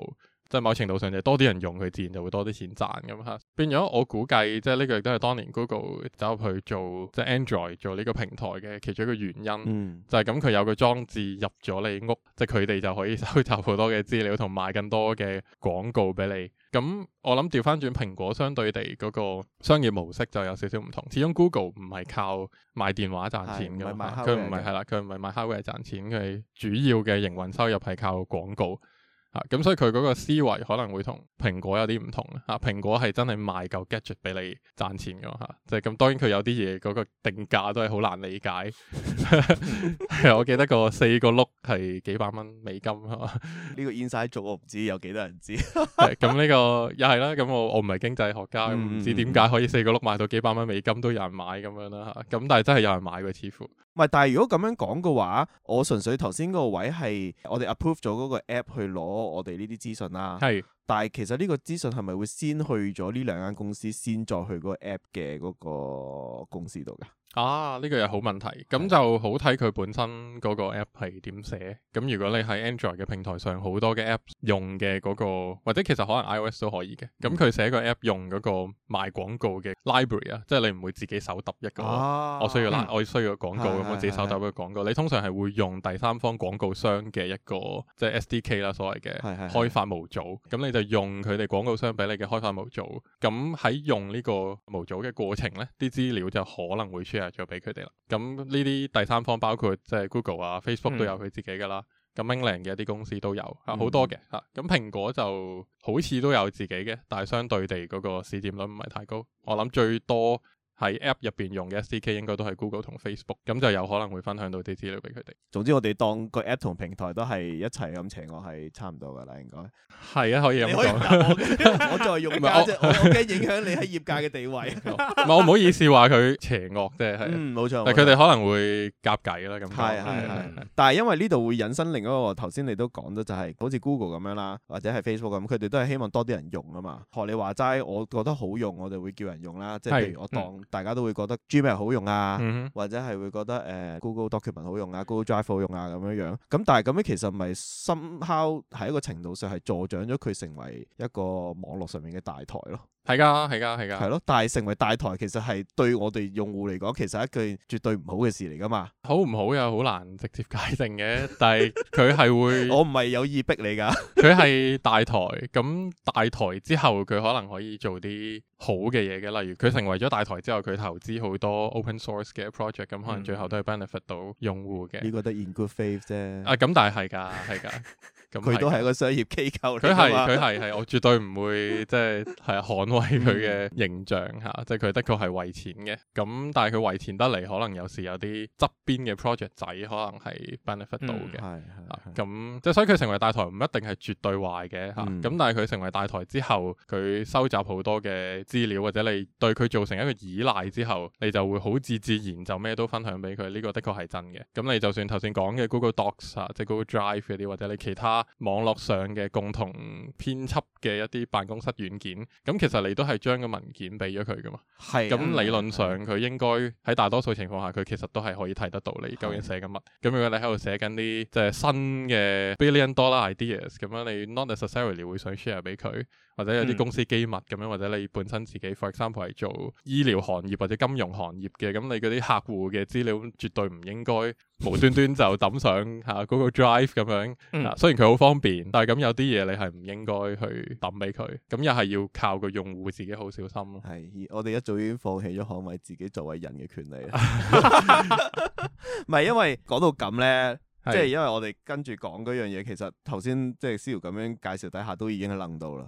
C: 即係某程度上就多啲人用，佢自然就會多啲錢賺咁吓。變咗我估計，即係呢個亦都係當年 Google 走入去做即係 Android 做呢個平台嘅其中一個原因，嗯、就係咁佢有個裝置入咗你屋，即係佢哋就可以收集好多嘅資料同埋賣更多嘅廣告俾你。咁我諗調翻轉蘋果相對地嗰、嗰個商業模式就有少少唔同。始終 Google 唔係靠賣電話賺錢嘅，佢唔係係啦，佢唔係賣手機係賺錢，佢主要嘅營運收入係靠廣告。啊，咁所以佢嗰個思維可能會同蘋果有啲唔同啊。蘋果係真係賣嚿 gadget 俾你賺錢噶嘛？吓、啊，即係咁，當然佢有啲嘢，嗰個定價都係好難理解。 係，我記得個四個碌係幾百蚊美金啊。
B: 呢個 inside joke 我唔知有幾多人知。
C: 咁呢、 啊這個又係啦，咁我我唔係經濟學家，唔、嗯、知點解可以四個碌賣到幾百蚊美金都有人買咁樣啦吓。咁、啊啊啊、但係真係有人買嘅似乎。
B: 唔係，但係如果咁樣講嘅話，我純粹頭先個位係我哋 approve 咗嗰個 app 去攞。我我哋呢啲資訊啦，係是，但係其實呢個資訊係咪會先去咗呢兩間公司，先再去個 APP 嘅嗰個公司度噶？
C: 啊，呢、這個又好問題，咁就好睇佢本身嗰個 app 係點寫。咁如果你喺 Android 嘅平台上，好多嘅 app 用嘅嗰、那個，或者其實可能 iOS 都可以嘅。咁佢寫個 app 用嗰個賣廣告嘅 library 啊，即係你唔會自己手揼一個，啊、我需要拉，嗯、我需要個廣告，咁、嗯、我自己手揼個廣告。是是是是你通常係會用第三方廣告商嘅一個即係、就是、SDK 啦，所謂嘅開發模組。咁你就用佢哋廣告商俾你嘅開發模組。咁喺用呢個模組嘅過程呢，啲資料就可能會 share 就俾佢哋啦。咁呢啲第三方包括即係 Google 啊、Facebook 都有佢自己噶啦。咁、嗯、Mainland 嘅一啲公司都有啊，好多嘅、嗯、啊。咁蘋果就好似都有自己嘅，但係相對地嗰個市佔率唔係太高。我諗最多。喺 App 入邊用嘅 SDK 應該都係 Google 同 Facebook，咁就有可能會分享到啲資料俾佢哋。總之我哋當
B: 個 App 同平台都係一齊咁邪惡係差唔多㗎啦，應
C: 該。係啊，可以咁講。
B: 我再用，我驚影響你喺業界嘅地位。唔係我唔好
C: 意思話佢邪惡啫，係。嗯，冇錯。但佢哋可能會夾計啦，咁。係係係。但係因為呢
B: 度會引申另一個頭先你都講咗，就係好似 Google 咁樣啦，或者係 Facebook 咁，佢哋都係希望多啲人用啊嘛。學你話齋，我覺得好用，我哋會叫人用啦。即係譬如我當。大家都會覺得 Gmail 好用啊，嗯、哼或者係會覺得誒、呃、Google Document 好用啊，Google Drive 好用啊咁樣樣。咁但係咁樣其實咪 somehow 喺一個程度上係助長咗佢成為一個網絡上面嘅大台咯。
C: 係噶，係噶，係噶，係咯。
B: 但係成為大台，其實係對我哋用戶嚟講，其實係一句絕對唔好嘅事嚟噶嘛。
C: 好唔好又好難直接界定嘅。 但係佢係會， 我唔係有意逼你噶。佢 係大台，咁大，大台之後，佢可能可以做啲好嘅嘢嘅。例如，佢成為咗大台之後，佢投資好多 open source 嘅 project，咁可能最後都係 benefit 到用戶嘅。呢個
B: 都 in good faith 啫。
C: 啊，咁但係係噶，係噶。佢、嗯、都係一個
B: 商業機構， 佢係佢係係我絕
C: 對唔會即係係捍衛佢嘅形象吓、啊，即係佢的確係為錢嘅。咁、嗯、但係佢為錢得嚟，可能有時有啲側邊嘅 project 仔可能係 benefit 到嘅。係係、嗯嗯、啊、咁、嗯、即係所以佢成為大台唔一定係絕對壞嘅吓，咁、啊嗯嗯、但係佢成為大台之後，佢收集好多嘅資料，或者你對佢造成一個依賴之後，你就會好自自然就咩都分享俾佢。呢、這個的確係真嘅。咁、嗯、你、嗯嗯、就算頭先講嘅 Google Docs 啊，即係 Google Drive 嗰啲，或者你其他。 網絡上嘅共同編輯嘅一啲辦公室軟件，咁其實你都係將個文件俾咗佢㗎嘛？係、啊。咁理論上佢、啊啊、應該喺大多數情況下，佢其實都係可以睇得到你究竟寫緊乜。咁、啊、如果你喺度寫緊啲即係新嘅 billion dollar ideas，咁樣你 not necessarily 會想 share 俾佢，或者有啲公司機密咁樣，嗯、或者你本身自己，for example 係做醫療行業或者金融行業嘅，咁你嗰啲客戶嘅資料絕對唔應該無端端就抌上嚇嗰個 drive 咁樣。嗯、啊。雖然佢。好方便，但係咁有啲嘢你係唔應該去抌俾佢，咁又係要靠個用戶自己好小心咯、啊。係，我哋一早已經放棄咗可唔可以自己作
B: 為人嘅權利啊！唔 係 因為講到咁呢，的即係因為我哋跟住講嗰樣嘢，其實頭先即係思瑤咁樣介紹底下都已經係諗到啦。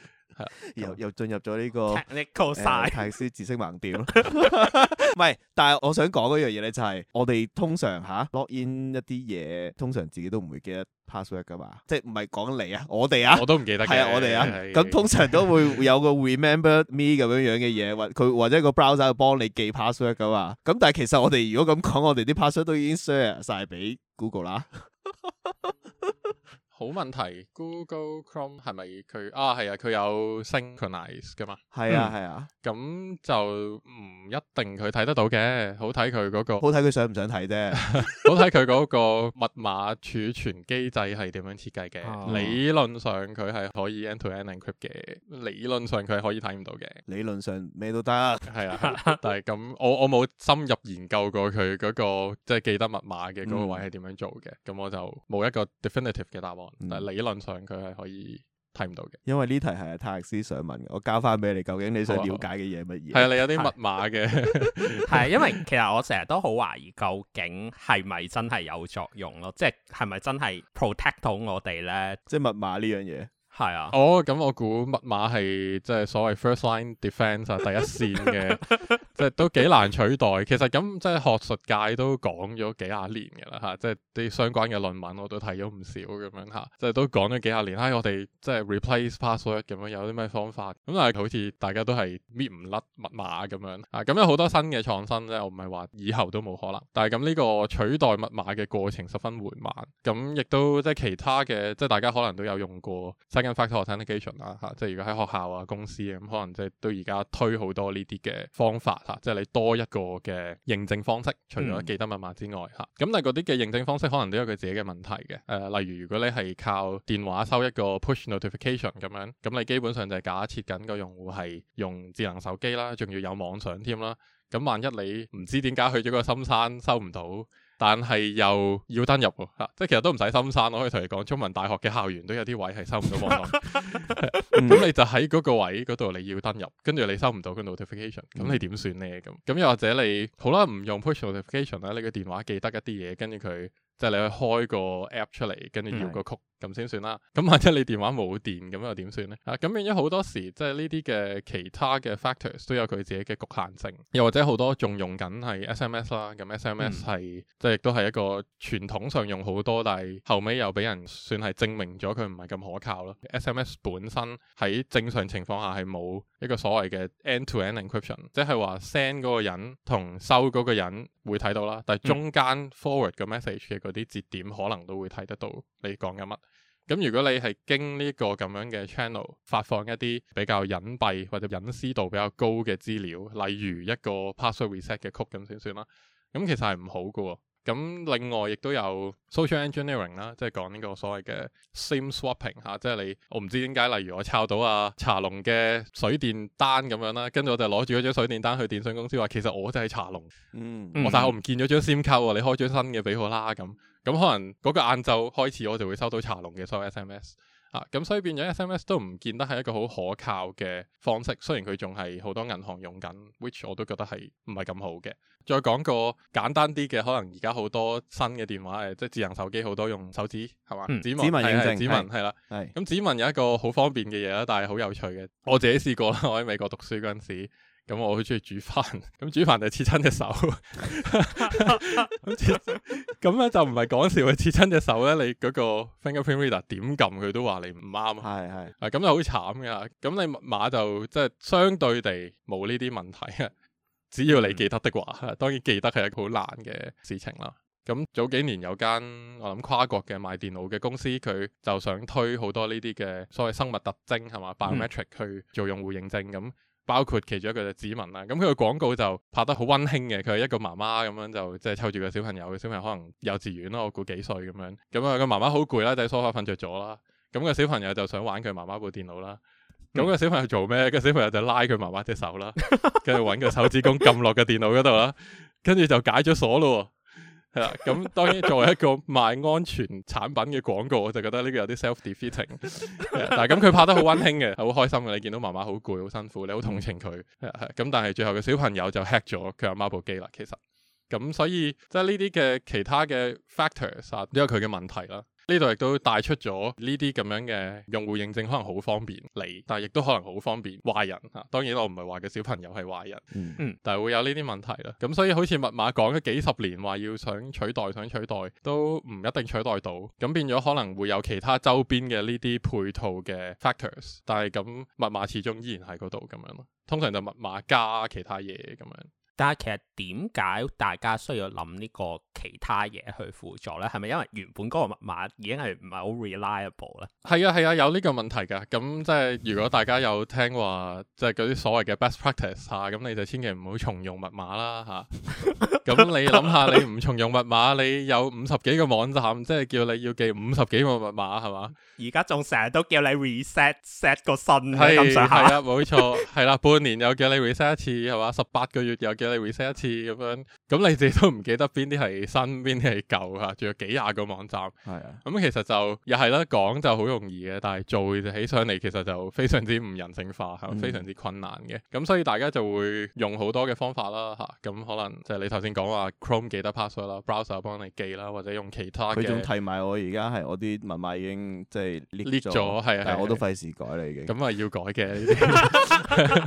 C: 又又進入咗呢、這個、呃、泰師知識盲點咯，
B: 唔 係， 但係我想講嗰樣嘢咧，就係我哋通常吓 login、啊、一啲嘢，通常自己都唔會記得 password 噶嘛，即係唔係講你啊，我哋啊,啊，我都唔記得，係啊，我哋啊，咁通常都會有個 remember me 咁樣樣嘅嘢，或佢或者個 browser 喺度幫你記 password 噶嘛，咁但係其實我哋如果咁講，我哋啲 password 都已經 share 晒俾 Google 啦。
C: 冇問題，Google Chrome 係咪佢啊？係啊，佢有 synchronize 噶嘛？係啊，係、嗯、啊。咁就唔一定佢睇得到嘅，好睇佢嗰個，好睇
B: 佢想唔想睇啫。
C: 好睇佢嗰個密碼儲存機制係點樣設計嘅、啊？理論上佢係可以 end-to-end encrypt 嘅，理論上佢係可以睇唔到嘅。理論上咩都得，係啊。但係咁，我我冇深入研究過佢嗰、那個即係、就是、記得密碼嘅嗰個位係點樣做嘅，咁、嗯、我就冇一個 definitive 嘅答案。但理論上佢係可以睇唔到嘅，
B: 因為呢題係泰克斯想問嘅，我交翻俾你，究竟你想了解嘅嘢乜嘢？係啊， 你有啲密碼嘅，
A: 係啊，因為其實我成日都好懷疑，究竟係咪真係有作用咯？就是、是是即係係咪真係 protect 到我哋咧？即係密碼呢樣嘢。係啊，
C: 哦，咁我估密碼係即係所謂 first line defence 第一綫嘅， 即係都幾難取代。其實咁即係學術界都講咗幾廿年嘅啦吓，即係啲相關嘅論文我都睇咗唔少咁樣吓、啊，即係都講咗幾廿年。唉、哎，我哋即係 replace password 咁樣有啲咩方法，咁、啊、但係好似大家都係搣唔甩密碼咁樣啊。咁有好多新嘅創新啫，即我唔係話以後都冇可能，但係咁呢個取代密碼嘅過程十分緩慢，咁亦都即係其他嘅，即係大家可能都有用過。緊 Factor Authentication 啊嚇，即係如果喺學校啊公司啊咁，嗯嗯、可能即係都而家推好多呢啲嘅方法嚇、啊，即係你多一個嘅認證方式，除咗記得密碼之外嚇。咁、啊、但係嗰啲嘅認證方式可能都有佢自己嘅問題嘅。誒、呃，例如如果你係靠電話收一個 push notification 咁樣，咁、嗯、你基本上就係假設緊個用戶係用智能手機啦，仲要有網上添啦。咁、啊、萬一你唔知點解去咗個深山收唔到？但係又要登入喎，即、啊、係其實都唔使心生。我可以同你講，中文大學嘅校園都有啲位係收唔到網絡，咁、 嗯、你就喺嗰個位嗰度你要登入，跟住你收唔到個 notification，咁、嗯、你點算呢？咁，咁又或者你好啦，唔用 push notification 啦，你嘅電話記得一啲嘢，跟住佢即係你去以開個 app 出嚟，跟住要個 code。咁先算啦。咁、啊，或者你電話冇電，咁又點算咧？啊，咁變咗好多時，即係呢啲嘅其他嘅 factors 都有佢自己嘅局限性。又或者好多仲用緊係 SMS 啦。咁 SMS 係即係亦都係一個傳統上用好多，但係後尾又俾人算係證明咗佢唔係咁可靠咯。嗯、SMS 本身喺正常情況下係冇一個所謂嘅 end-to-end encryption，即係話 send 嗰個人同收嗰個人會睇到啦，但係中間 forward 嘅 message 嘅嗰啲節點可能都會睇得到你講緊乜。咁如果你係經呢個咁樣嘅 channel 發放一啲比較隱蔽或者隱私度比較高嘅資料，例如一個 password reset 嘅 code 咁先算啦。咁其實係唔好嘅。咁另外亦都有 social engineering 啦，即係講呢個所謂嘅 sim swapping 吓，即係你我唔知點解，例如我抄到阿茶龍嘅水電單咁樣啦，跟住我就攞住嗰張水電單去電訊公司話，其實我就係茶龍，
D: 嗯，但係我唔、嗯、
C: 見咗張 sim 卡喎，你開張新嘅俾我啦咁。咁可能嗰個晏晝開始我就會收到茶龍嘅所有 SMS 啊，咁所以變咗 SMS 都唔見得係一個好可靠嘅方式，雖然佢仲係好多銀行用緊，which 我都覺得係唔係咁好嘅。再講個簡單啲嘅，可能而家好多新嘅電話誒，即係智能手機好多用手指係嘛，嗯、指紋認證、指紋係啦，係咁指紋有一個好方便嘅嘢啦，但係好有趣嘅，我自己試過啦，我喺美國讀書嗰陣時。咁、嗯、我好中意煮飯，咁煮飯就切親隻手，咁 切，咁咧就唔係講笑嘅，切親隻手咧，你嗰個 finger print reader 點撳佢都話你唔啱，係係，咁就好慘噶咁、嗯、你密碼就即係相對地冇呢啲問題啊，只要你記得的話，當然記得係一個好難嘅事情啦。咁早幾年有間我諗跨國嘅賣電腦嘅公司，佢就想推好多呢啲嘅所謂生物特徵係嘛 biometric 去做用戶認證咁。嗯嗯包括其中一個就指紋啦，咁佢個廣告就拍得好溫馨嘅，佢係一個媽媽咁樣就即係湊住個小朋友，小朋友可能幼稚園咯，我估幾歲咁樣，咁啊個媽媽好攰啦，就喺梳化瞓着咗啦，咁個小朋友就想玩佢媽媽部電腦啦，咁個小朋友做咩？個小朋友就拉佢媽媽隻手啦，跟住揾個手指公撳落個電腦嗰度啦，跟住 就解咗鎖咯。係啦，咁當然作為一個賣安全產品嘅廣告，我就覺得呢個有啲 self-defeating。但係咁佢拍得好温馨嘅，好開心嘅。你見到媽媽好攰、好辛苦，你好同情佢。係係，咁但係最後嘅小朋友就 hack 咗佢阿媽部機啦。其實咁所以即係呢啲嘅其他嘅 factors，都有佢嘅問題啦。呢度亦都帶出咗呢啲咁樣嘅用戶認證，可能好方便你，但係亦都可能好方便壞人嚇。當然，我唔係話個小朋友係壞人，嗯，但係會有呢啲問題啦。咁所以好似密碼講咗幾十年，話要想取代，想取代都唔一定取代到。咁變咗可能會有其他周邊嘅呢啲配套嘅 factors，但係咁密碼始終依然喺嗰度咁樣咯。通常就密碼加其他嘢咁樣。但係其實點
A: 解大家需要諗呢個其他嘢去輔助咧？係咪因為原本嗰個密碼
C: 已經係唔係好 reliable 咧？係啊係啊，有呢個問題㗎。咁即係如果大家有聽話，即係嗰啲所謂嘅 best practice 啊，咁你就千祈唔好重用密碼啦嚇。咁、啊、 你諗下，你唔重用密碼，你有五十幾個網站，即係叫你要記五十幾個密碼係嘛？
A: 而家仲成日都叫你 reset set 個新，係係啊，
C: 冇錯係啦、啊。半年又叫你 reset 一次係嘛？十八個月又叫。你會 set 一次咁樣，咁你自己都唔記得邊啲係新，邊啲係舊吓，仲有幾廿個網站。係啊的，咁、嗯、其實就又係啦講就好容易嘅，但係做起上嚟其實就非常之唔人性化，係非常之困難嘅。咁、嗯、所以大家就會用好多嘅方法啦吓，咁、啊、可能就係你頭先講話 Chrome 記得 password 啦，browser 幫你記啦，或者用其他，佢仲提埋我而家係我啲密碼已經即係 lift 咗，係啊，係我都費事改啦已經。咁啊、嗯、要改嘅呢啲，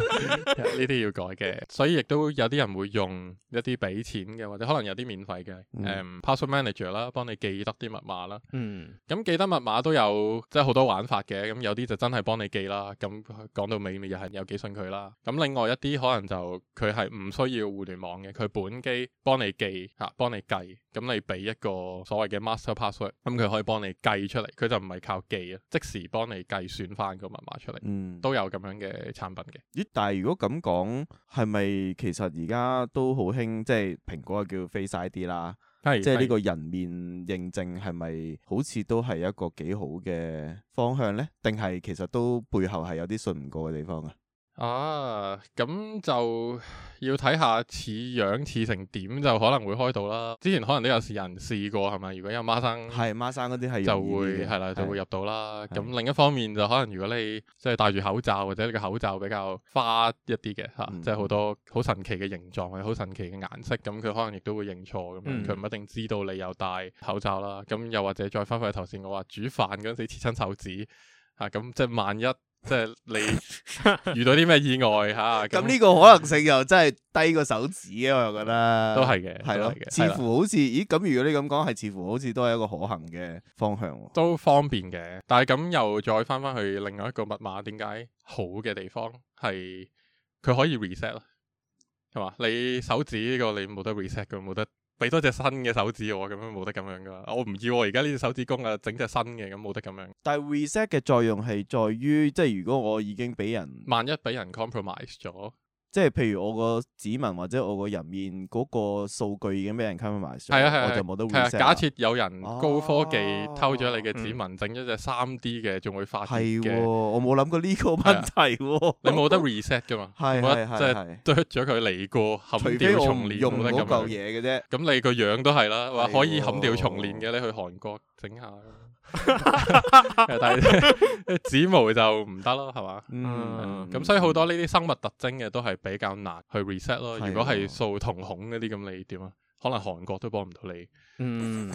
C: 呢啲要改嘅，所以亦都有啲會用一啲俾錢嘅，或者可能有啲免費嘅，誒、嗯嗯、，password manager 啦，幫你記得啲密碼啦。嗯。咁記得密碼都有即係好多玩法嘅，咁有啲就真係幫你記啦。咁講到尾又係有幾信佢啦。咁另外一啲可能就佢係唔需要互聯網嘅，佢本機幫你記吓、啊，幫你計。咁你俾一個所謂嘅 master password，咁佢可以幫你計出嚟，佢就唔係靠記啊，即時幫你計算翻個密碼出嚟。嗯。都有咁樣嘅產品嘅。
B: 咦？但係如果咁講，係咪其實而家？而家都好興，即係蘋果啊叫 Face ID 啦是，係，即係呢個人面認證係咪好似都係一個幾好嘅方向咧？定係其實都背後係有啲信唔過嘅地方啊？
C: 啊，咁就要睇下似樣似，似成點就可能會開到啦。之前可能都有人試過，係咪？如果有孖生，係孖生嗰啲係就會係啦，就會入到啦。咁是 另一方面就可能，如果你即係戴住口罩或者你個口罩比較花一啲嘅吓，即係好多好神奇嘅形狀嘅好神奇嘅顏色，咁佢可能亦都會認錯，咁佢唔一定知道你有戴口罩啦。咁、啊、又或者再翻返去頭先我話煮飯嗰陣時切親手指啊，咁即係萬一。 即係你遇到啲咩意外吓？咁呢 個可
B: 能性又真係低過手指，我又覺得都係嘅，係咯的，似乎好似的咦咁？如果你咁講，係似乎好似都係一個可行嘅
C: 方向。都方便嘅，但係咁又再翻翻去另外一個密碼，點解好嘅地方係佢可以 reset 咯？係嘛，你手指呢個你冇得 reset，佢冇得。俾多隻新嘅手指我，咁樣冇得咁樣㗎。我唔要，我而家呢隻手指公啊，整隻新嘅，咁冇得咁樣。
B: 但係 reset 嘅作用係在於，即如果我已經俾人，
C: 萬一俾人 compromise 咗。
B: 即係譬如我個指紋或者我個入面嗰個數據已經俾人 commit 埋， 我就冇得 reset。假設
C: 有人高科技偷咗你嘅指紋，整咗、啊嗯、隻三 D 嘅，仲會發熱嘅。
B: 我冇諗過呢個問
C: 題。你冇得 reset 噶嘛？係即係。剁咗佢嚟過，冚掉重練咧咁樣。除非我唔用嗰嚿嘢嘅啫。咁你個樣都係啦，話可以冚掉重練嘅，你去韓國整下。 但係指模就唔得咯，係嘛？咁所以好多呢啲生物特徵嘅都係比較難去 reset 咯。的如果係掃瞳孔嗰啲，咁你點啊？可能韓國都幫唔到你，嗯 嗯。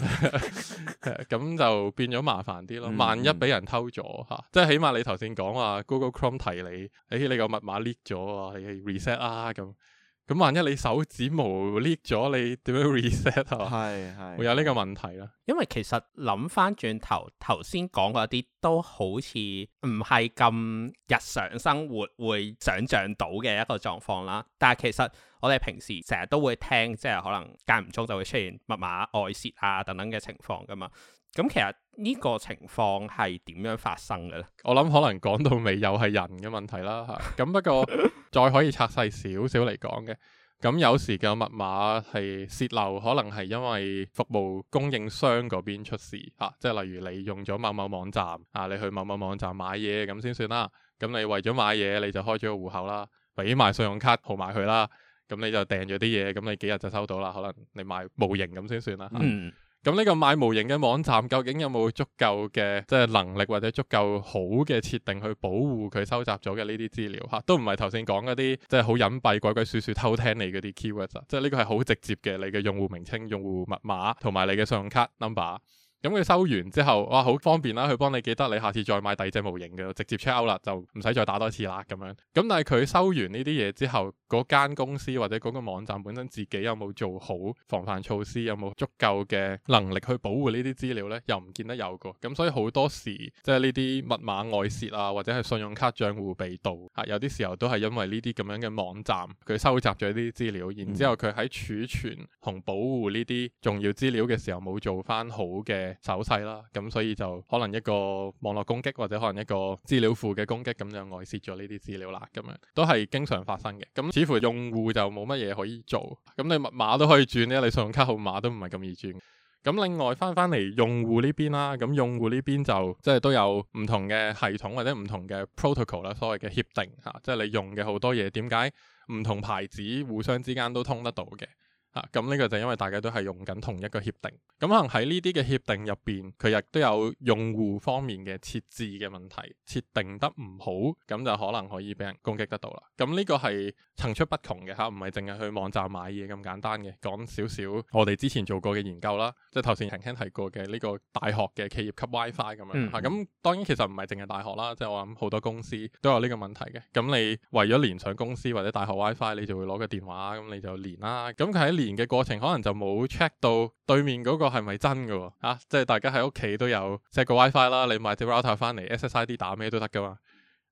C: 嗯，咁就變咗麻煩啲咯。萬一俾人偷咗吓，即係起碼你頭先講話 Google Chrome 提你，誒、哎，你個密碼 leak 咗啊，你 reset 啊咁。嗯 咁萬一你手指模裂咗，你點樣 reset 啊？係係會有呢個問題啦。 因為其實諗翻
A: 轉頭，頭先講嘅啲都好似唔係咁日常生活會想像到嘅一個狀況啦。但係其實我哋平時成日都會聽，即係可能間唔中就會出現密碼外泄啊等等嘅情況㗎嘛。咁其實
C: 呢個情況係點樣發生嘅呢？我諗可能講到尾又係人嘅問題啦吓。咁 不過再可以拆細少少嚟講嘅，咁有時嘅密碼係洩漏，可能係因為服務供應商嗰邊出事吓，啊，即係例如你用咗某某網站啊，你去某某網站買嘢咁先算啦。咁你為咗買嘢，你就開咗個戶口啦，俾埋信用卡號埋佢啦。咁你就訂咗啲嘢，咁你幾日就收到啦。可能你買模型咁先算啦。啊，嗯。咁呢個買模型嘅網站究竟有冇足夠嘅、即係、能力或者足夠好嘅設定去保護佢收集咗嘅呢啲資料，都唔係頭先講嗰啲即係好隱蔽、鬼鬼祟祟偷聽你嗰啲 keywords，啊、即係呢個係好直接嘅，你嘅用戶名稱、用戶密碼同埋你嘅信用卡 number。咁佢收完之後，哇，好方便啦、啊！佢幫你記得你下次再買第二隻模型嘅，直接 check out 啦，就唔使再打多次啦咁樣。咁但係佢收完呢啲嘢之後，嗰間公司或者嗰個網站本身自己有冇做好防範措施，有冇足夠嘅能力去保護呢啲資料呢？又唔見得有個。咁所以好多時即係呢啲密碼外洩啊，或者係信用卡賬戶被盜啊，有啲時候都係因為呢啲咁樣嘅網站佢收集咗啲資料，然之後佢喺儲存同保護呢啲重要資料嘅時候冇做翻好嘅手勢啦，咁所以就可能一個網絡攻擊或者可能一個資料庫嘅攻擊，咁就外泄咗呢啲資料啦，咁樣都係經常發生嘅。咁似乎用戶就冇乜嘢可以做，咁你密碼都可以轉，呢你信用卡號碼都唔係咁易轉。咁另外翻翻嚟用戶呢邊啦，咁用戶呢邊就即係都有唔同嘅系統或者唔同嘅 protocol 啦，所謂嘅協定吓，啊，即係你用嘅好多嘢，點解唔同牌子互相之間都通得到嘅？啊，咁、這、呢個就因為大家都係用緊同一個協定，咁可能喺呢啲嘅協定入邊，佢亦都有用戶方面嘅設置嘅問題，設定得唔好，咁就可能可以俾人攻擊得到啦。咁呢個係層出不窮嘅吓，唔係淨係去網站買嘢咁簡單嘅。講少少我哋之前做過嘅研究啦、啊，即係頭先曾經提過嘅呢個大學嘅企業級 WiFi 咁樣吓。咁、嗯啊、當然其實唔係淨係大學啦，即係我諗好多公司都有呢個問題嘅。咁、啊、你為咗連上公司或者大學 WiFi，你就會攞個電話咁你就連啦、啊。咁佢喺然嘅過程可能就冇 check 到對面嗰個係咪真嘅喎？啊，即係大家喺屋企都有 set 個 WiFi 啦，你買隻 router 翻嚟 SSID 打咩都得噶嘛。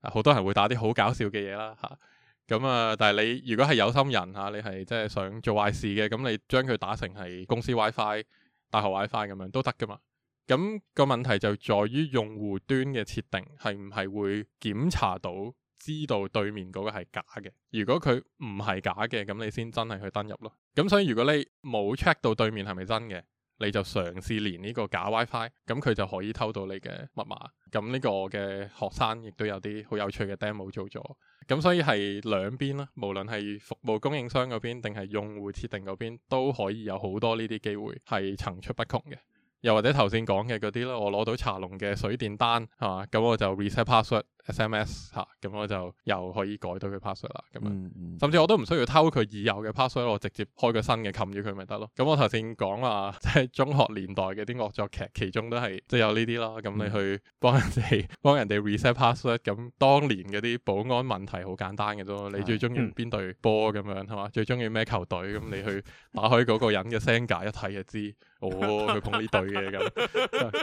C: 啊，好多人會打啲好搞笑嘅嘢啦嚇。咁啊，但係你如果係有心人嚇，啊，你係即係想做壞事嘅，咁你將佢打成係公司 WiFi、大學 WiFi 咁樣都得噶嘛。咁，啊，嗰個問題就在於用戶端嘅設定係唔係會檢查到？知道對面嗰個係假嘅，如果佢唔係假嘅，咁你先真係去登入咯。咁所以如果你冇 check 到對面係咪真嘅，你就嘗試連呢個假 WiFi，咁佢就可以偷到你嘅密碼。咁呢個嘅學生亦都有啲好有趣嘅 demo 做咗。咁所以係兩邊啦，無論係服務供應商嗰邊定係用戶設定嗰邊，都可以有好多呢啲機會係層出不窮嘅。又或者頭先講嘅嗰啲啦，我攞到茶龍嘅水電單係嘛，咁我就 reset password。SMS 嚇，咁我就又可以改到佢 password 啦。咁樣，甚至我都唔需要偷佢已有嘅 password，我直接開個新嘅冚住佢咪得咯。咁我頭先講話，即係中學年代嘅啲惡作劇，其中都係即係有呢啲咯。咁你去幫人哋幫人哋 reset password，咁當年嘅啲保安問題好簡單嘅啫。你最中意邊隊波咁樣係嘛？最中意咩球隊咁？你去打開嗰個人嘅聲解一睇就知，哦，佢捧呢隊嘅咁。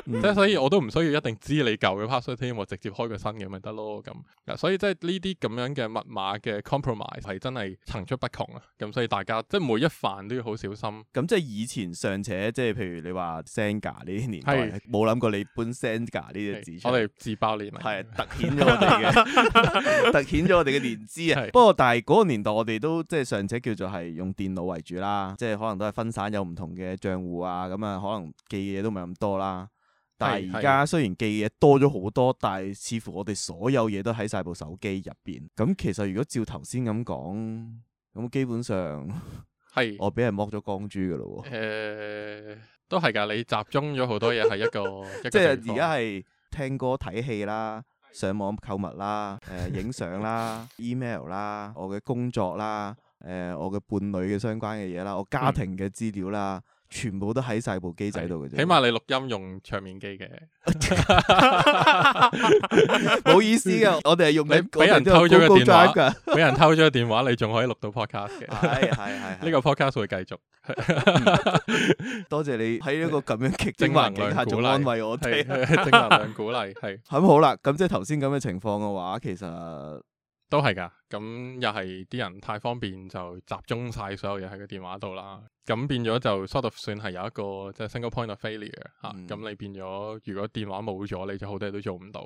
C: 即係所以我都唔需要一定知你舊嘅 password，我直接開個新嘅咪得。咯咁嗱，所以即係呢啲咁樣嘅密碼嘅 compromise 係真係層出不窮啊！咁所以大家即係每一範都要好小心。
B: 咁即係以前尚且，即係譬如你話 Xanga 呢啲年代，冇諗是過你搬 Xanga 呢啲字出嚟，自爆年係突顯咗我哋嘅，突顯咗我哋嘅 年資啊！是不過但係嗰個年代我哋都即係尚且叫做係用電腦為主啦，即係可能都係分散有唔同嘅賬戶啊，咁啊可能記嘅嘢都唔係咁多啦。係而家雖然記嘅嘢多咗好多，但係似乎我哋所有嘢都喺晒部手機入邊。咁其實如果照頭先咁講，咁基本上係是 我俾人剝咗光豬噶咯喎。
C: 都係㗎，你集中咗好多嘢係一個， 一個即係而家係
B: 聽歌、睇戲啦，上網購物啦，誒影相啦、 email 啦、我嘅工作啦、誒、呃、我嘅伴侶嘅相關嘅嘢啦、我家庭嘅資料啦。嗯全部都喺晒部機仔度嘅啫，起
C: 碼你錄音用桌面機嘅，
B: 冇意思啊，我哋係用俾人偷咗個
C: 電話，俾人偷咗個電話，你仲可以錄到 podcast 嘅，係係係。呢個 podcast 會繼續。多謝你喺一個咁樣極端環境下，仲安慰我哋
B: 正能量鼓勵係。咁好
C: 啦，咁即係頭先咁嘅情況嘅話，其實。都係噶，咁又係啲人太方便就集中晒所有嘢喺個電話度啦，咁變咗就，sort of 算係有一個即係、就是、single point of failure 嚇、mm. 啊，咁你變咗如果電話冇咗，你就好多嘢都做唔到，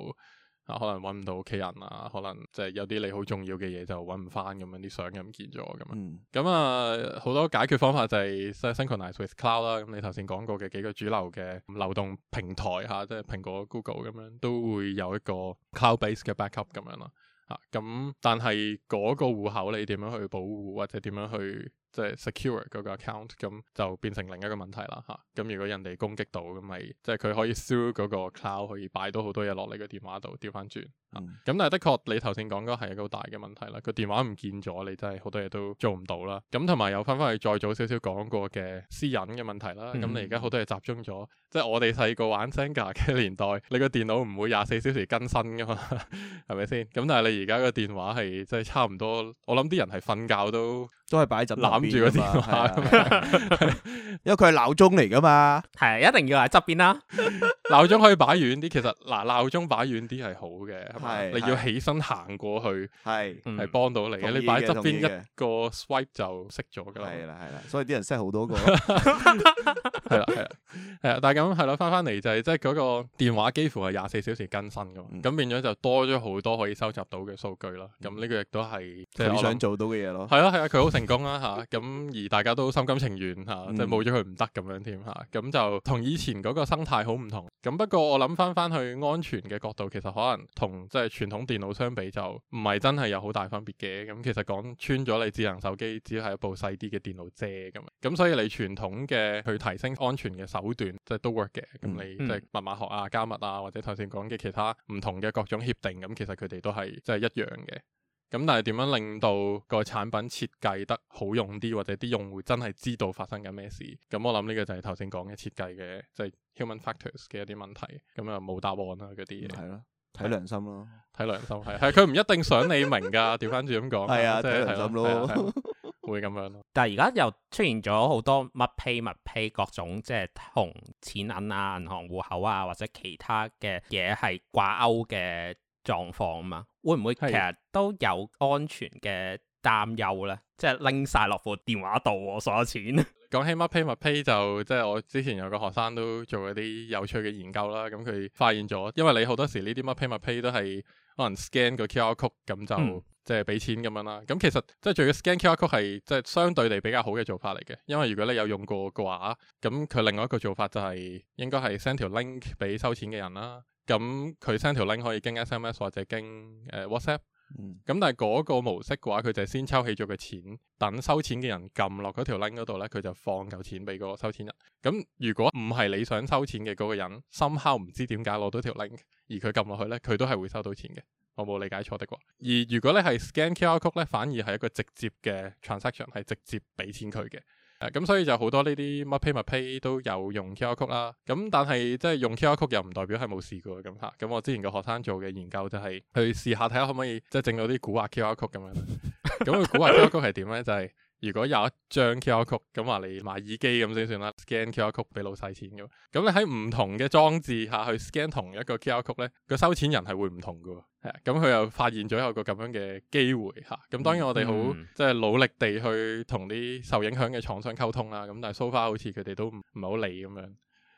C: 啊可能搵唔到屋企人啊，可能即係、啊、有啲你好重要嘅嘢就搵唔返咁樣，啲相又唔見咗咁啊，咁啊好多解決方法就係 synchronize with cloud 啦、啊、咁、嗯、你頭先講過嘅幾個主流嘅流動平台嚇，即、啊、係、就是、蘋果、Google 咁樣都會有一個 cloud-based 嘅 backup 咁樣咯。啊，咁、嗯、但係嗰個戶口你點樣去保護，或者點樣去？即係 secure 嗰個 account，咁就變成另一個問題啦嚇。咁、啊、如果人哋攻擊到，咁咪即係佢可以 through 嗰個 cloud 可以擺到好多嘢落你個電話度，調翻轉。咁、啊嗯、但係的確，你頭先講嗰係一個大嘅問題啦。個電話唔見咗，你真係好多嘢都做唔到啦。咁同埋又翻翻去再早少少講過嘅私隱嘅問題啦。咁、啊嗯、你而家好多嘢集中咗，即係我哋細個玩 Senga 嘅年代，你個電腦唔會廿四小時更新噶嘛，係咪先？咁但係你而家個電話係即係差唔多，我諗啲人係瞓覺都都係擺一陣住個電話嘛，因
B: 為佢係鬧鐘嚟噶嘛，
C: 係一定要喺側邊啦。鬧鐘可以擺遠啲，其實嗱鬧鐘擺遠啲係好嘅，係嘛？你要起身行過去，係係幫到你嘅。你擺側邊一個 swipe 就熄咗噶啦，係啦係啦，所以啲人 set 好多個，係啦係啦係啊！但係咁係咯，翻翻嚟就係即係嗰個電話幾乎係廿四小時更新噶嘛，咁變咗就多咗好多可以收集到嘅數據咯。咁呢個亦都係你想
B: 做到嘅嘢咯，係咯係啊，佢好成
C: 功啦。吓。咁、嗯、而大家都心甘情願，嚇、嗯，即係冇咗佢唔得咁樣添嚇，咁、啊、就同以前嗰個生態好唔同。咁不過我諗翻翻去安全嘅角度，其實可能同即係傳統電腦相比，就唔係真係有好大分別嘅。咁、啊、其實講穿咗你智能手機，只係一部細啲嘅電腦啫咁。咁、啊、所以你傳統嘅去提升安全嘅手段，即係都 work 嘅。咁、嗯、你即係密碼學啊、加密啊，或者頭先講嘅其他唔同嘅各種協定，咁、啊、其實佢哋都係即係一樣嘅。咁但係點樣令到個產品設計得好用啲，或者啲用戶真係知道發生緊咩事？咁我諗呢個就係頭先講嘅設計嘅，即係 human factors 嘅一啲問題。咁啊，冇答案啊啦，嗰啲嘢係咯，睇良心咯，睇良心係係佢唔一定想你明㗎，調翻轉咁講係啊，即睇良心咯，會咁樣。 但係
A: 而家又出現咗好多乜 pay 乜 pay 各種，即係同錢銀啊、銀行戶口啊或者其他嘅嘢係掛鈎嘅。狀況啊嘛，會唔會其實都有
C: 安全嘅擔憂咧？是的 即係拎晒落部電話度，所有錢裡裡。講 起乜 Pay 物 Pay 就即係、就是、我之前有個學生都做一啲有趣嘅研究啦。咁佢發現咗，因為你好多時呢啲乜 Pay 物 Pay 都係可能 scan 個 QR code 咁就即係俾錢咁樣啦。咁、嗯、其實即係仲要 scan QR code 係即係相對嚟比較好嘅做法嚟嘅。因為如果你有用過嘅話，咁佢另外一個做法就係、是、應該係 send 條 link 俾收錢嘅人啦。咁佢 send 條 link 可以經 SMS 或者經誒 WhatsApp 咁，嗯嗯、但係嗰個模式嘅話，佢就係先抽起咗個錢，等收錢嘅人撳落嗰條 link 嗰度咧，佢就放嚿錢俾個收錢人。咁、嗯、如果唔係你想收錢嘅嗰個人，somehow 唔知點解攞到條 link 而佢撳落去咧，佢都係會收到錢嘅。我冇理解錯的喎。而如果咧係 scan QR code 咧，反而係一個直接嘅 transaction，係直接俾錢佢嘅。誒，咁、啊、所以就好多呢啲乜 Pay 咪 Pay 都有用 QR code 啦，咁但係即係用 QR code 又唔代表係冇試過咁吓，咁、啊、我之前個學生做嘅研究就係去試下睇下可唔可以即係整到啲古惑 QR code 咁樣，咁佢 古惑 QR code 係點咧就係、是。如果有一張 QR code，咁話，ode, 你買耳機咁先算啦，scan QR code 俾老細錢嘅，咁你喺唔同嘅裝置下去 scan 同一個 QR code，咧，個收錢人係會唔同嘅，係啊，咁佢又發現咗有個咁樣嘅機會嚇，咁當然我哋好即係努力地去同啲受影響嘅廠商溝通啦，咁但係 so far 好似佢哋都唔唔係好理咁樣，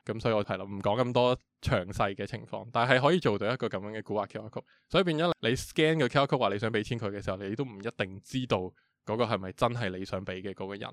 C: 咁所以我提咯，唔講咁多詳細嘅情況，但係可以做到一個咁樣嘅古惑 QR code。Ode, 所以變咗你 scan 個 QR code 話你想俾錢佢嘅時候，你都唔一定知道。嗰個係咪真係你想俾嘅嗰個人？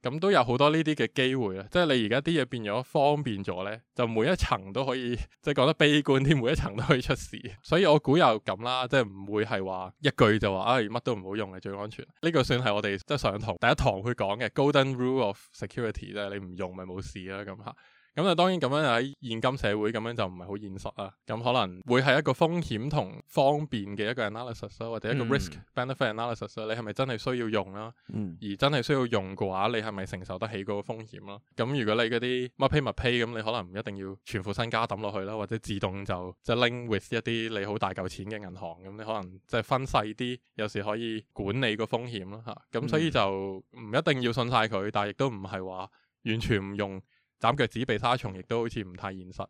C: 咁、yeah, 都有好多呢啲嘅機會啦，即係你而家啲嘢變咗方便咗呢，就每一層都可以即係講得悲觀啲，每一層都可以出事，所以我估又咁啦，即係唔會係話一句就話啊，乜、哎、都唔好用係最安全，呢、這、句、個、算係我哋即係上堂第一堂佢講嘅 Golden Rule of Security，即係你唔用咪冇事啦咁吓。咁啊，就當然咁樣喺現今社會咁樣就唔係好現實啊。咁可能會係一個風險同方便嘅一個 analysis 或者一個 risk benefit analysis，嗯、你係咪真係需要用啦？嗯、而真係需要用嘅話，你係咪承受得起個風險咯？咁如果你嗰啲乜 pay 乜 pay 咁，你可能唔一定要全副身家抌落去啦，或者自動就即係、就是、link with 一啲你好大嚿錢嘅銀行咁，你可能即係分細啲，有時可以管理個風險啦吓。咁、啊、所以就唔一定要信晒佢，但係亦都唔係話完全唔用。斬腳趾被沙蟲，亦都好似唔太現實。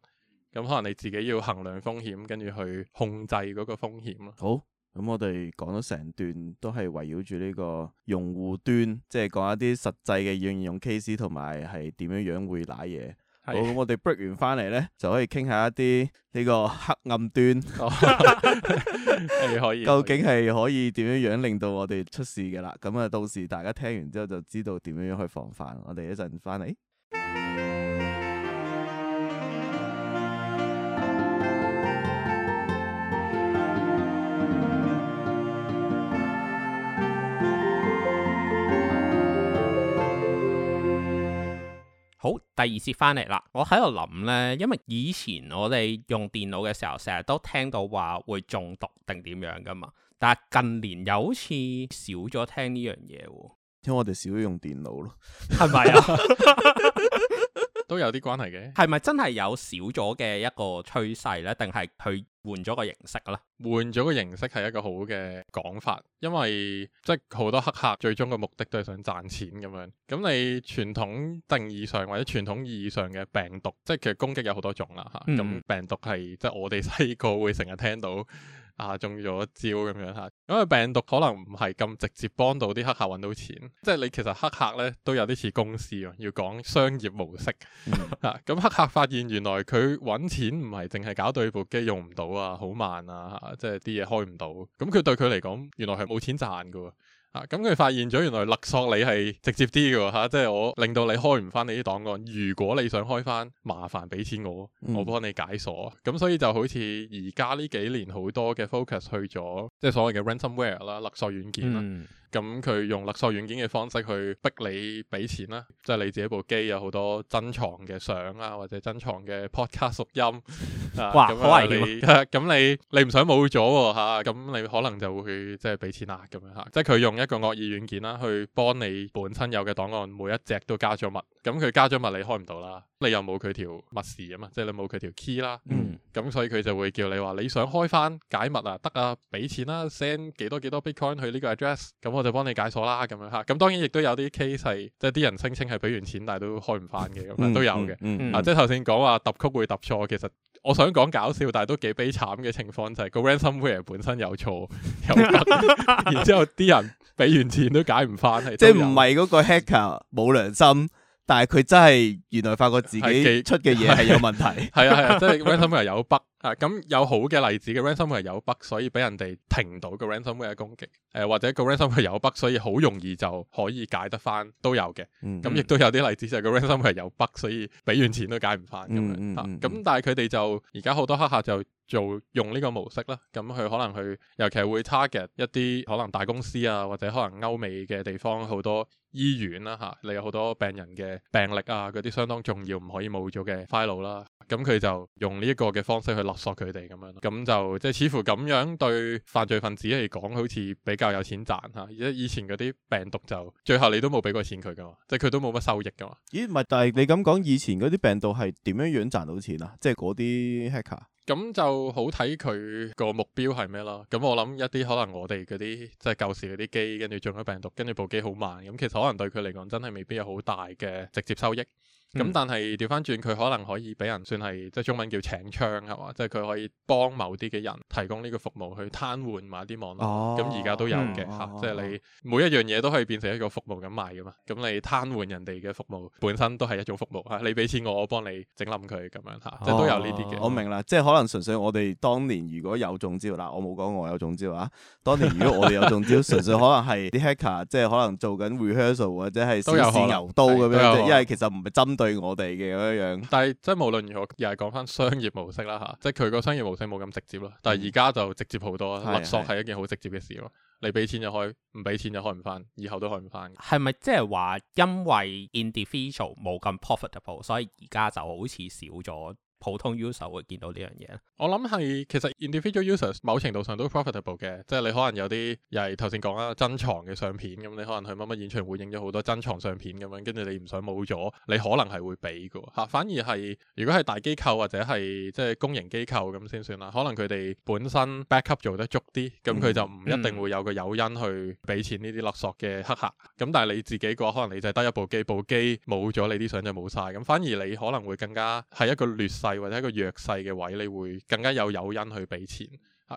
C: 咁可能你自己要衡量風險，跟住去控制嗰個風險咯。
B: 好，咁我哋講咗成段，都係圍繞住呢個用戶端，即係講一啲實際嘅應用 case，同埋係點樣樣會瀨嘢。是好，咁我哋 break 完翻嚟咧，就可以傾下一啲呢個黑暗端，究竟係可以點樣樣令到我哋出事嘅啦。咁啊，到時大家聽完之後就知道點樣樣去防範。我哋一陣翻嚟。
A: 好，第二次翻嚟啦。我喺度諗呢，因為以前我哋用電腦嘅時候，成日都聽到話會中毒定點樣噶嘛。但係近年又好似少咗聽呢樣嘢。
B: 因為我哋少咗用電腦咯，係咪啊？
A: 都有啲關係嘅，係咪真係有少咗嘅一個趨
C: 勢呢？定係佢換咗個形式咧？換咗個形式係一個好嘅講法，因為即係好多黑客最終嘅目的都係想賺錢咁樣。咁你傳統定義上或者傳統意義上嘅病毒，即係其實攻擊有好多種啦吓。咁、嗯、病毒係即係我哋細個會成日聽到。啊，中咗招咁樣嚇，因為病毒可能唔係咁直接幫到啲黑客揾到錢，即係你其實黑客呢都有啲似公司喎，要講商業模式嚇。咁 黑客發現原來佢揾錢唔係淨係搞對部機用唔到啊，好慢啊，即係啲嘢開唔到。咁佢對佢嚟講，原來係冇錢賺噶喎，啊。啊！咁佢發現咗，原來勒索你係直接啲嘅嚇，即係我令到你開唔翻你啲檔案。如果你想開翻，麻煩俾錢我，我幫你解鎖。咁、嗯、所以就好似而家呢幾年好多嘅 focus 去咗，即係所謂嘅 ransomware 啦，勒索軟件啦。嗯咁佢用勒索軟件嘅方式去逼你俾錢啦，即係你自己部機有好多珍藏嘅相啊，或者珍藏嘅 podcast 錄音，哇，咁你你唔想冇咗喎嚇，咁你可能就會去即係俾錢啦咁樣嚇，即係佢用一個惡意軟件啦，去幫你本身有嘅檔案每一隻都加咗密，咁佢加咗密你開唔到啦。你又冇佢條密匙啊嘛，即係你冇佢條 key 啦，咁、嗯、所以佢就會叫你話你想開翻解密啊，得啊，俾錢啦，send 幾多幾多 bitcoin 去呢個 address，咁我就幫你解鎖啦，咁樣吓。咁當然亦都有啲 case 係，即係啲人聲稱係俾完錢但係都開唔翻嘅，咁啊、嗯、都有嘅。嗯嗯嗯、啊，即係頭先講話揼曲會揼錯，其實我想講搞笑，但係都幾悲慘嘅情況就係、是、個 ransomware 本身有錯，有
B: 得， 然之
C: 後啲人俾完錢都解唔翻，係有即係唔係嗰個 hacker 冇良心。
B: 但係佢真係原來發覺自己出嘅嘢係有問題，係啊係啊，
C: 即係 ransomware 有 bug 吓，咁有好嘅例子嘅 ransomware 有 bug，所以俾人哋停到個 ransomware 攻擊，誒、呃、或者個 ransomware 有 bug，所以好容易就可以解得翻都有嘅，咁亦都有啲例子就係個 ransomware 有 bug，所以俾完錢都解唔翻咁樣吓，咁、嗯嗯嗯嗯、但係佢哋就而家好多黑客就。做用呢個模式啦，咁佢可能去，尤其會 target 一啲可能大公司啊，或者可能歐美嘅地方好多醫院啦、啊，嚇、啊，你有好多病人嘅病歷啊，嗰啲相當重要，唔可以冇咗嘅 file 啦。咁、啊、佢就用呢一個嘅方式去勒索佢哋咁樣。咁就即係似乎咁樣對犯罪分子嚟講，好似比較有錢賺嚇。而、啊、家以前嗰啲病毒就最後你都冇俾過錢佢噶嘛，即係佢都冇乜收益噶嘛。
B: 咦？唔係，但係你咁講，以前嗰啲病毒係點樣樣賺到錢啊？即、就、係、是、嗰啲 hacker。
C: 咁就好睇佢個目標係咩囉？咁我諗一啲可能我哋嗰啲即係舊時嗰啲機，跟住中咗病毒，跟住部機好慢，咁其實可能對佢嚟講真係未必有好大嘅直接收益。咁、嗯、但係調翻轉佢可能可以俾人算係即係中文叫請槍係嘛？即係佢可以幫某啲嘅人提供呢個服務去癱瘓某啲網絡。咁而家都有嘅嚇，啊啊、即係你每一樣嘢都可以變成一個服務咁賣㗎嘛？咁你癱瘓人哋嘅服務本身都係一種服務嚇、啊，你俾錢我我幫你整冧佢咁樣嚇，即係都有呢啲嘅。啊、我明
B: 啦，以即係可能純粹我哋當年如果有中招嗱， 我冇講我有中招啊。當年如果我哋有中招， 純粹可能係啲 hacker 即係可能做緊 rehearsal 或者係先試牛刀咁樣，是因為其實唔係針對我哋嘅咁樣，
C: 但係即係無論如何，又係講翻商業模式啦吓，即係佢個商業模式冇咁直接咯。但係而家就直接好多，嗯、勒索係一件好直接嘅事咯。是是是，你俾錢就開，唔俾錢就開唔翻，以後都開唔翻。係咪即係話因為 individual
A: 冇咁 profitable，所以而家就好似少咗？普通 user 會見到呢樣嘢，
C: 我諗係其實 individual users 某程度上都 profitable 嘅，即係你可能有啲又係頭先講啦，珍藏嘅相片咁，你可能去乜乜演唱會影咗好多珍藏相片咁樣，跟住你唔想冇咗，你可能係會俾嘅吓。反而係如果係大機構或者係即係公營機構咁先算啦，可能佢哋本身 backup 做得足啲，咁佢就唔一定會有個誘因去俾錢呢啲勒索嘅黑客。咁、嗯嗯、但係你自己嘅話，可能你就係得一部機，部機冇咗你啲相就冇晒。咁反而你可能會更加係一個劣勢。或者一個弱勢嘅位，你會更加有誘因去俾錢，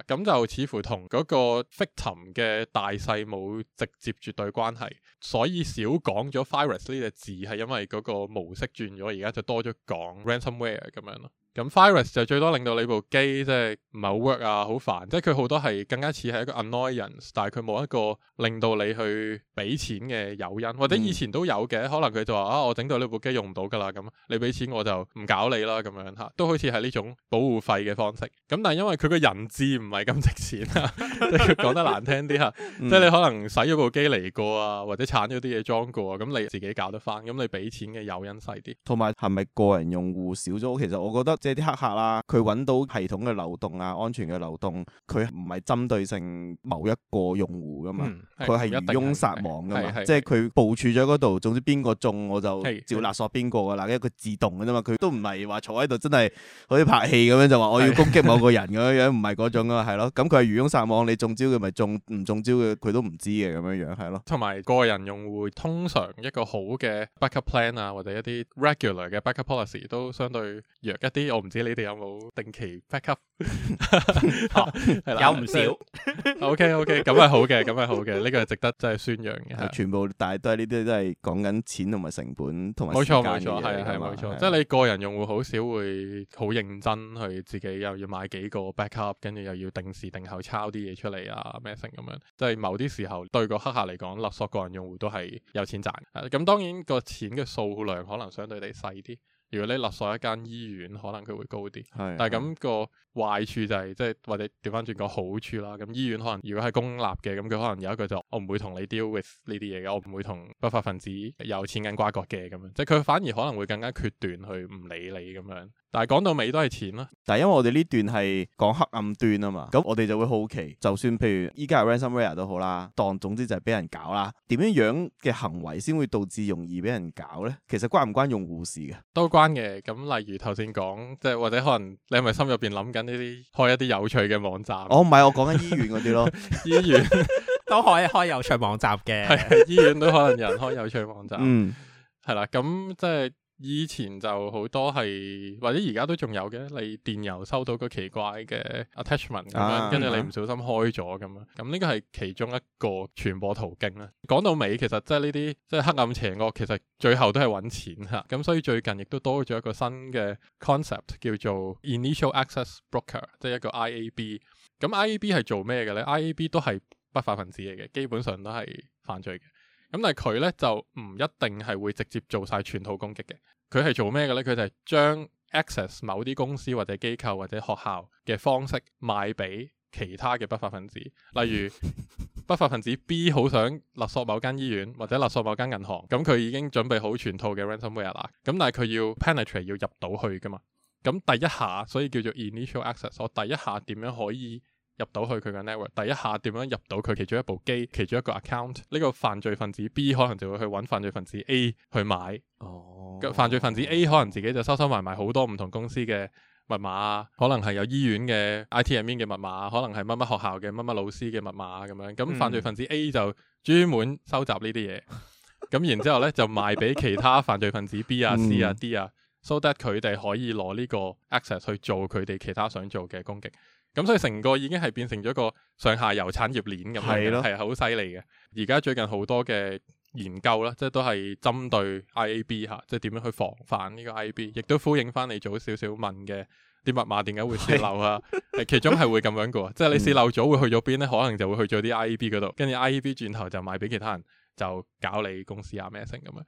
C: 咁、啊、就似乎同嗰個 victim 嘅大細冇直接絕對關係，所以少講咗 virus 呢隻字，係因為嗰個模式轉咗，而家就多咗講 ransomware 咁樣咯。咁 firewall 就最多令到你部機即係唔係好 work 啊，好煩，即係佢好多係更加似係一個 annoyance，但係佢冇一個令到你去俾錢嘅誘因，或者以前都有嘅，可能佢就話啊，我整到呢部機用唔到㗎啦，咁你俾錢我就唔搞你啦，咁樣嚇，都好似係呢種保護費嘅方式。咁但係因為佢個人質唔係咁值錢啊， 即係講得難聽啲嚇， 嗯、即係你可能使咗部機嚟過啊，或者鏟咗啲嘢裝過啊，咁你自己搞得翻，咁你俾錢嘅誘因細啲。
B: 同埋係咪個人用戶少咗？其實我覺得。即係啲黑客啦、啊，佢揾到系統嘅漏洞啊，安全嘅漏洞，佢唔係針對性某一個用戶噶嘛，佢係、嗯、漁翁撒網噶嘛，即係佢部署咗嗰度，總之邊個中我就照勒索邊個噶啦，因為佢自動嘅啫嘛，佢都唔係話坐喺度真係好似拍戲咁樣就話我要攻擊某個人咁樣樣唔係嗰種啊，係咯，咁佢係漁翁撒網，你中招嘅咪中，唔中招嘅佢都唔知嘅咁樣樣係咯。
C: 同埋個人用戶通常一個好嘅 backup plan 啊，或者一啲 regular 嘅 backup policy 都相對弱一啲。我唔知你哋有冇定期 backup，有唔少。OK OK，咁係好嘅，咁係好嘅，呢個係值得真係宣揚嘅。
B: 全部，但係都係呢啲都係講緊錢同埋成本同埋時間嘅。冇錯冇錯，係係冇錯。即係
C: 你個人用戶好少會好認真去自己又要買幾個 backup，跟住又要定時定候抄啲嘢出嚟啊咩成咁樣。即係某啲時候對個黑客嚟講，勒索個人用戶都係有錢賺。咁當然個錢嘅數量可能相對地細啲。如果你立喺一間醫院，可能佢會高啲，係。但係咁個壞處就係，即係或者掉返轉講好處啦。咁醫院可能如果係公立嘅，咁佢可能有一句就，我唔會同你 deal with 呢啲嘢嘅，我唔會同不法分子有錢銀瓜葛嘅，咁樣即係佢反而可能會更加決斷去唔理你咁樣。但係講到尾都係錢啦，
B: 但係因為我哋呢段係講黑暗段啊嘛，咁我哋就會好奇，就算譬如依家 ransomware 都好啦，當總之就係俾人搞啦，點樣樣嘅行為先會導致容易俾人搞咧？其實
C: 關唔關用戶事嘅？都關嘅，咁例如頭先講，即係或者可能你係咪心入邊諗緊呢啲開一啲有趣嘅網站？我唔係，我講緊醫院嗰啲咯， 醫院都可以開有趣網站嘅， 醫院都可能有人開有趣網站，係啦、嗯，咁即係。以前就好多係，或者而家都仲有嘅，你電郵收到個奇怪嘅 attachment 咁樣、啊，跟住你唔小心開咗咁樣，咁呢個係其中一個傳播途徑啦。講到尾，其實即係呢啲即係黑暗邪惡，其實最後都係揾錢吓。咁所以最近亦都多咗一個新嘅 concept，叫做 initial access broker，即係一個 IAB。咁 IAB 係做咩嘅咧？IAB 都係不法分子嚟嘅，基本上都係犯罪嘅。咁但係佢咧就唔一定係會直接做晒全套攻擊嘅，佢係做咩嘅咧？佢就係將 access 某啲公司或者機構或者學校嘅方式賣俾其他嘅不法分子，例如 不法分子 B 好想勒索某間醫院或者勒索某間銀行，咁佢已經準備好全套嘅 ransomware 啦，咁但係佢要 penetrate 要入到去噶嘛，咁第一下所以叫做 initial access，我第一下點樣可以？入到去佢嘅 network，第一下點樣入到佢其中一部機，其中一個 account？呢個犯罪分子 B 可能就會去揾犯罪分子 A 去買。哦，oh. 犯罪分子 A 可能自己就收收埋埋好多唔同公司嘅密碼，可能係有醫院嘅 IT 入面嘅密碼，可能係乜乜學校嘅乜乜老師嘅密碼咁樣。咁犯罪分子 A 就專門收集呢啲嘢，咁 然之後呢，就賣俾其他犯罪分子 B 啊、 C 啊、D 啊、嗯，so that 佢哋可以攞呢個 access 去做佢哋其他想做嘅攻擊。咁所以成個已經係變成咗個上下游產業鏈咁樣嘅，係啊，好犀利嘅。而家最近好多嘅研究啦，即係都係針對 IAB 嚇，即係點樣去防範呢個 IAB，亦都呼應翻你早少少問嘅啲密碼點解會泄漏啊？是的 其中係會咁樣個， 即係你泄漏咗會去咗邊呢？可能就會去咗啲 IAB 嗰度，跟住 IAB 轉頭就賣俾其他人，就搞你公司啊咩成咁啊！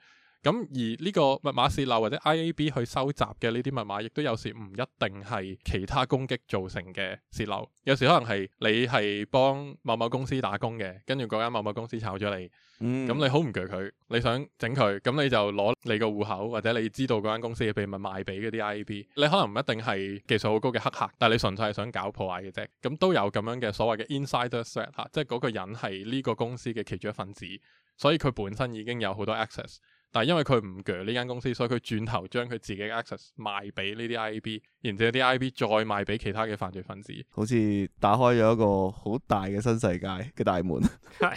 C: 咁而呢個密碼泄漏或者 IAB 去收集嘅呢啲密碼，亦都有時唔一定係其他攻擊造成嘅泄漏。有時可能係你係幫某某公司打工嘅，跟住嗰間某某公司炒咗你，咁、嗯、你好唔鋸佢，你想整佢，咁你就攞你個戶口或者你知道嗰間公司嘅秘密賣俾嗰啲 IAB。你可能唔一定係技術好高嘅黑客，但係你純粹係想搞破壞嘅啫。咁都有咁樣嘅所謂嘅 insider threat 嚇，即係嗰個人係呢個公司嘅其中一份子，所以佢本身已經有好多 access。因為佢唔鋸呢間公司，所以佢轉頭將佢自己嘅 Access 賣俾呢啲 IAB。連啲 IP 再賣俾其他嘅犯罪分子，
B: 好似打開咗一個好大嘅新世界嘅大門，係，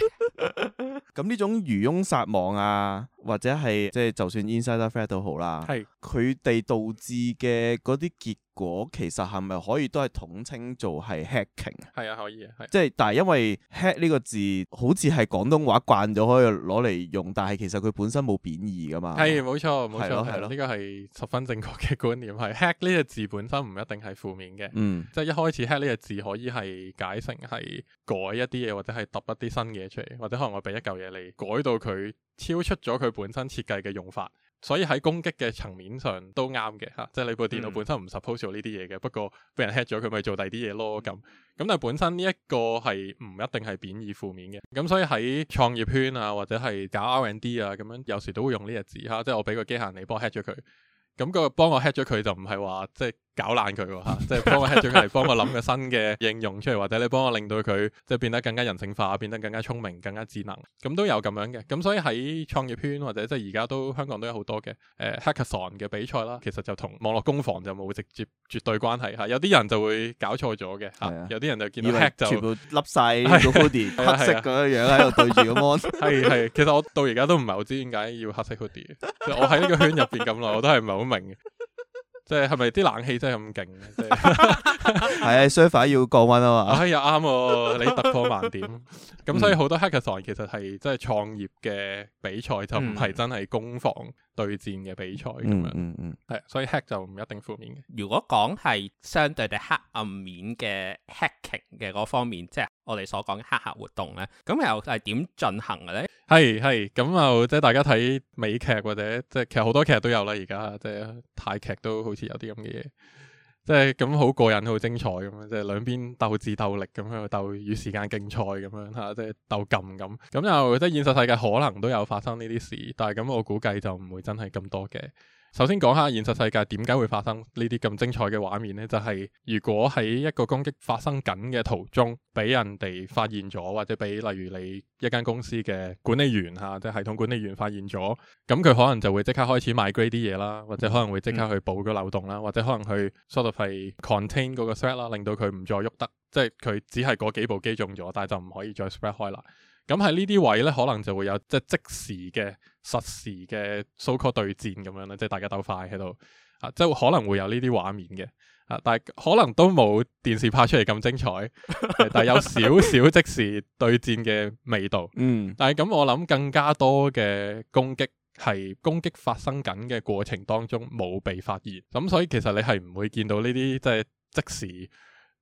B: 咁呢種漁翁撒網啊，或者係即係就算 insider threat 都好啦。係，係佢哋導致嘅啲結果，其實係咪可以都係統稱做係 hacking？
C: 係啊，可以，啊係，即係
B: 但係因為 hack 呢個字好似係廣東話慣咗，可以攞嚟用，但係其實佢本身冇貶義噶嘛。係冇
C: 錯冇錯，係咯，係咯，呢個係十分正確嘅觀念。係 hack 呢個字本。本身唔一定係負面嘅，嗯，即係一開始 hack 呢個字可以係解成係改一啲嘢，或者係揼一啲新嘢出嚟，或者可能我俾一嚿嘢你改到佢超出咗佢本身設計嘅用法，所以喺攻擊嘅層面上都啱嘅嚇，即係你部電腦本身唔 suppose 呢啲嘢嘅，嗯、不過被人 hack 咗佢咪做第二啲嘢咯咁，咁、嗯、但係本身呢一個係唔一定係貶義負面嘅，咁所以喺創業圈啊或者係搞 R&D 啊咁樣有時都會用呢個字嚇，即係我俾個機械你幫 hack 咗佢，咁、個幫我 hack 咗佢就唔係話即係。 搞爛佢喎，即係幫我 hack 仲係幫我諗個新嘅應用出嚟，或者你幫我令到佢即係變得更加人性化，變得更加聰明、更加智能，咁都有咁樣嘅。咁所以喺創業圈或者即係而家都香港都有好多嘅誒 hackathon 嘅比賽啦。其實就同網絡攻防就冇直接絕對關係嚇、啊。有啲人就會搞錯咗嘅嚇，啊啊、有啲人就見到 hack 就全部笠晒。個 hoodie 黑色咁樣樣喺度對住個 mon、 啊。係係、啊啊啊啊啊啊，其實我到而家都唔係，好知點解要黑色 hoodie。 就我喺呢個圈入邊咁耐，我都係唔係好明嘅。即係係咪啲冷氣真係咁勁？係
B: 啊，相反要降溫啊嘛。哎呀，啱
C: 喎，你突破萬點。咁 所以好多 hackathon 其實係真係創業嘅比賽，就唔係真係攻防。嗯對戰嘅比賽咁樣，係，所以 hack 就唔一定負面嘅。如果講係相對嘅黑
A: 暗面嘅 hack 嘅嗰方面，即係我哋所講嘅黑客活動咧，咁又係點進行嘅
C: 咧？係係，咁又、呃、即係大家睇美劇或者即係其實好多劇都有啦，而家即係泰劇都好似有啲咁嘅嘢。即係咁好過癮，好精彩咁樣，即係兩邊鬥智鬥力咁喺度鬥與時間競賽咁樣嚇，即係鬥撳咁。咁又即係現實世界可能都有發生呢啲事，但係咁我估計就唔會真係咁多嘅。首先講下現實世界點解會發生呢啲咁精彩嘅畫面呢？就係、是、如果喺一個攻擊發生緊嘅途中，俾人哋發現咗，或者俾例如你一間公司嘅管理員吓，即、啊、係、就是、系統管理員發現咗，咁佢可能就會即刻開始 migrate 啲嘢啦，或者可能會即刻去補個漏洞啦，或者可能去 sort of contain 嗰個 threat 啦，令到佢唔再喐得，即係佢只係嗰幾部機中咗，但係就唔可以再 spread 開啦。咁喺呢啲位呢，可能就會有即係即時嘅實時嘅 so call 對戰咁樣啦，即係大家鬥快喺度啊，即係可能會有呢啲畫面嘅啊，但係可能都冇電視拍出嚟咁精彩， 但係有少少即時對戰嘅味道。嗯， 但係咁我諗更加多嘅攻擊係攻擊發生緊嘅過程當中冇被發現，咁所以其實你係唔會見到呢啲即係即時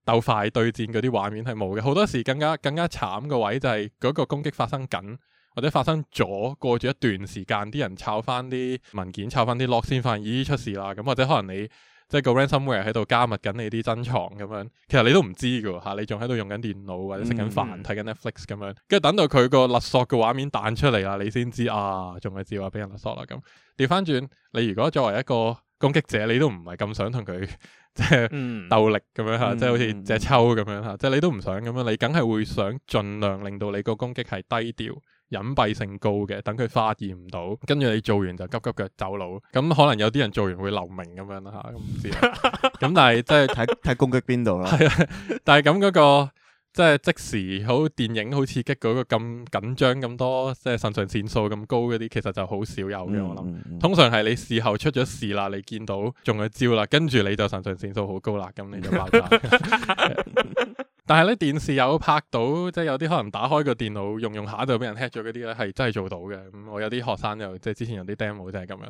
C: 鬥快對戰嗰啲畫面係冇嘅，好多時更加更加慘嘅位就係嗰個攻擊發生緊或者發生咗，過咗一段時間，啲人抄翻啲文件、抄翻啲 lock 先發現，咦出事啦咁，或者可能你即係、就是、個 ransomware 喺度加密緊你啲珍藏咁樣，其實你都唔知㗎嚇，你仲喺度用緊電腦或者食緊飯睇緊 Netflix 咁樣，跟住等到佢個勒索嘅畫面彈出嚟啦，你先知啊，仲係自話俾人勒索啦咁。調翻轉，你如果作為一個，攻擊者，你都唔係咁想同佢、 嗯、即係鬥力咁樣嚇，嗯嗯、即係好似隻抽咁樣嚇，即係你都唔想咁樣，你梗係會想盡量令到你個攻擊係低調、隱蔽性高嘅，等佢發現唔到，跟住你做完就急急腳走佬。咁可能有啲人做完會留名咁樣啦嚇，咁 但係即係睇睇攻擊邊度啦。係啊，但係咁嗰個。即係即時，好電影好刺激嗰個咁緊張，咁多即係腎上腺素咁高嗰啲，其實就好少有嘅。我諗、嗯嗯、通常係你事後出咗事啦，你見到中咗招啦，跟住你就腎上腺素好高啦，咁你就爆炸。 但係咧電視有拍到，即係有啲可能打開個電腦用用下就俾人 hack 咗嗰啲咧，係真係做到嘅。咁、嗯、我有啲學生又即係之前有啲 demo 就係咁樣。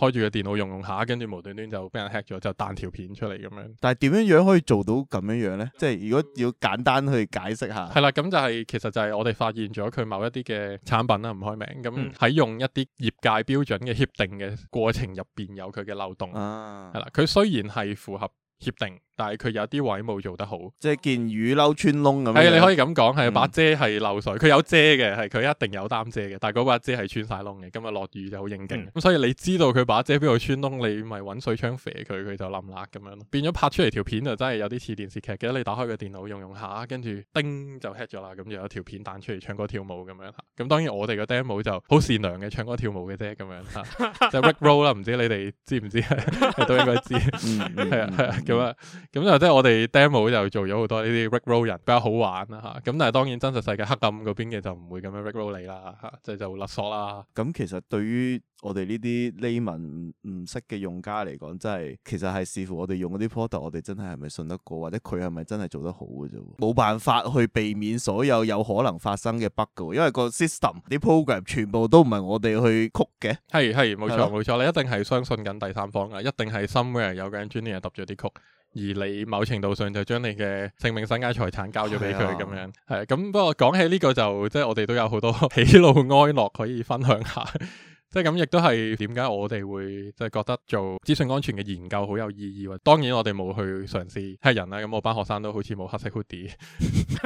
C: 開住個電腦用用下，跟住無端端就俾人 hack 咗，就彈條片出嚟咁樣。
B: 但係點樣樣可以做到咁樣樣咧？
C: 即係如果要簡單去解釋下。係啦，咁就係、是、其實就係我哋發現咗佢某一啲嘅產品啦，唔開名。咁喺用一啲業界標準嘅協定嘅過程入邊，有佢嘅漏洞。係啦、啊，佢雖然係符合。協定，但係佢有啲位冇做得好，即
B: 係件雨褸穿窿咁樣。係，你可以咁
C: 講，係把遮係漏水，佢有遮嘅，係佢一定有擔遮嘅，但係嗰把遮係穿晒窿嘅。今日落雨就好應景，咁、嗯嗯、所以你知道佢把遮邊度穿窿，你咪揾水槍射佢，佢就冧喇咁樣。變咗拍出嚟條片就真係有啲似電視劇嘅，你打開個電腦用用下，跟住叮就 hit 咗啦，咁就有條片彈出嚟唱歌跳舞咁樣。咁當然我哋個 demo 就好善良嘅唱歌跳舞嘅啫，咁樣 就 Rick Roll 啦，唔知你哋知唔知啊？ 都應該知，係啊係啊。嗯 咁啊，咁就即係我哋 demo 就做咗好多呢啲 rick roll 人比較好玩啦吓，咁但係當然真實世界黑暗嗰邊嘅就唔會咁樣 rick roll 你啦吓，即係就勒索啦。咁、嗯、其實對於我哋呢啲 layman
B: 唔識嘅用家嚟講真係其實係視乎我哋用嗰啲 product，我哋真係係咪信得過或者佢係咪真係做得好嘅啫？冇辦法去避免所有有可能發生嘅 bug 的，因為個 system 啲 program 全部都唔係我哋去曲嘅。
C: 係係冇錯冇錯，你一定係相信緊第三方嘅，一定係 somewhere 有個 engineer 揼咗啲曲。而你某程度上就將你嘅性命、身家、財產交咗俾佢咁樣，係咁。不過講起呢個就，即係我哋都有好多喜怒哀樂可以分享下。 即係咁，亦都係點解我哋會即係覺得做資訊安全嘅研究好有意義？當然我哋冇去嘗試黑人啦。咁我班學生都好似冇黑色 hoodie，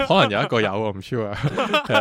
C: 可能有一個有， 我唔 sure 啊。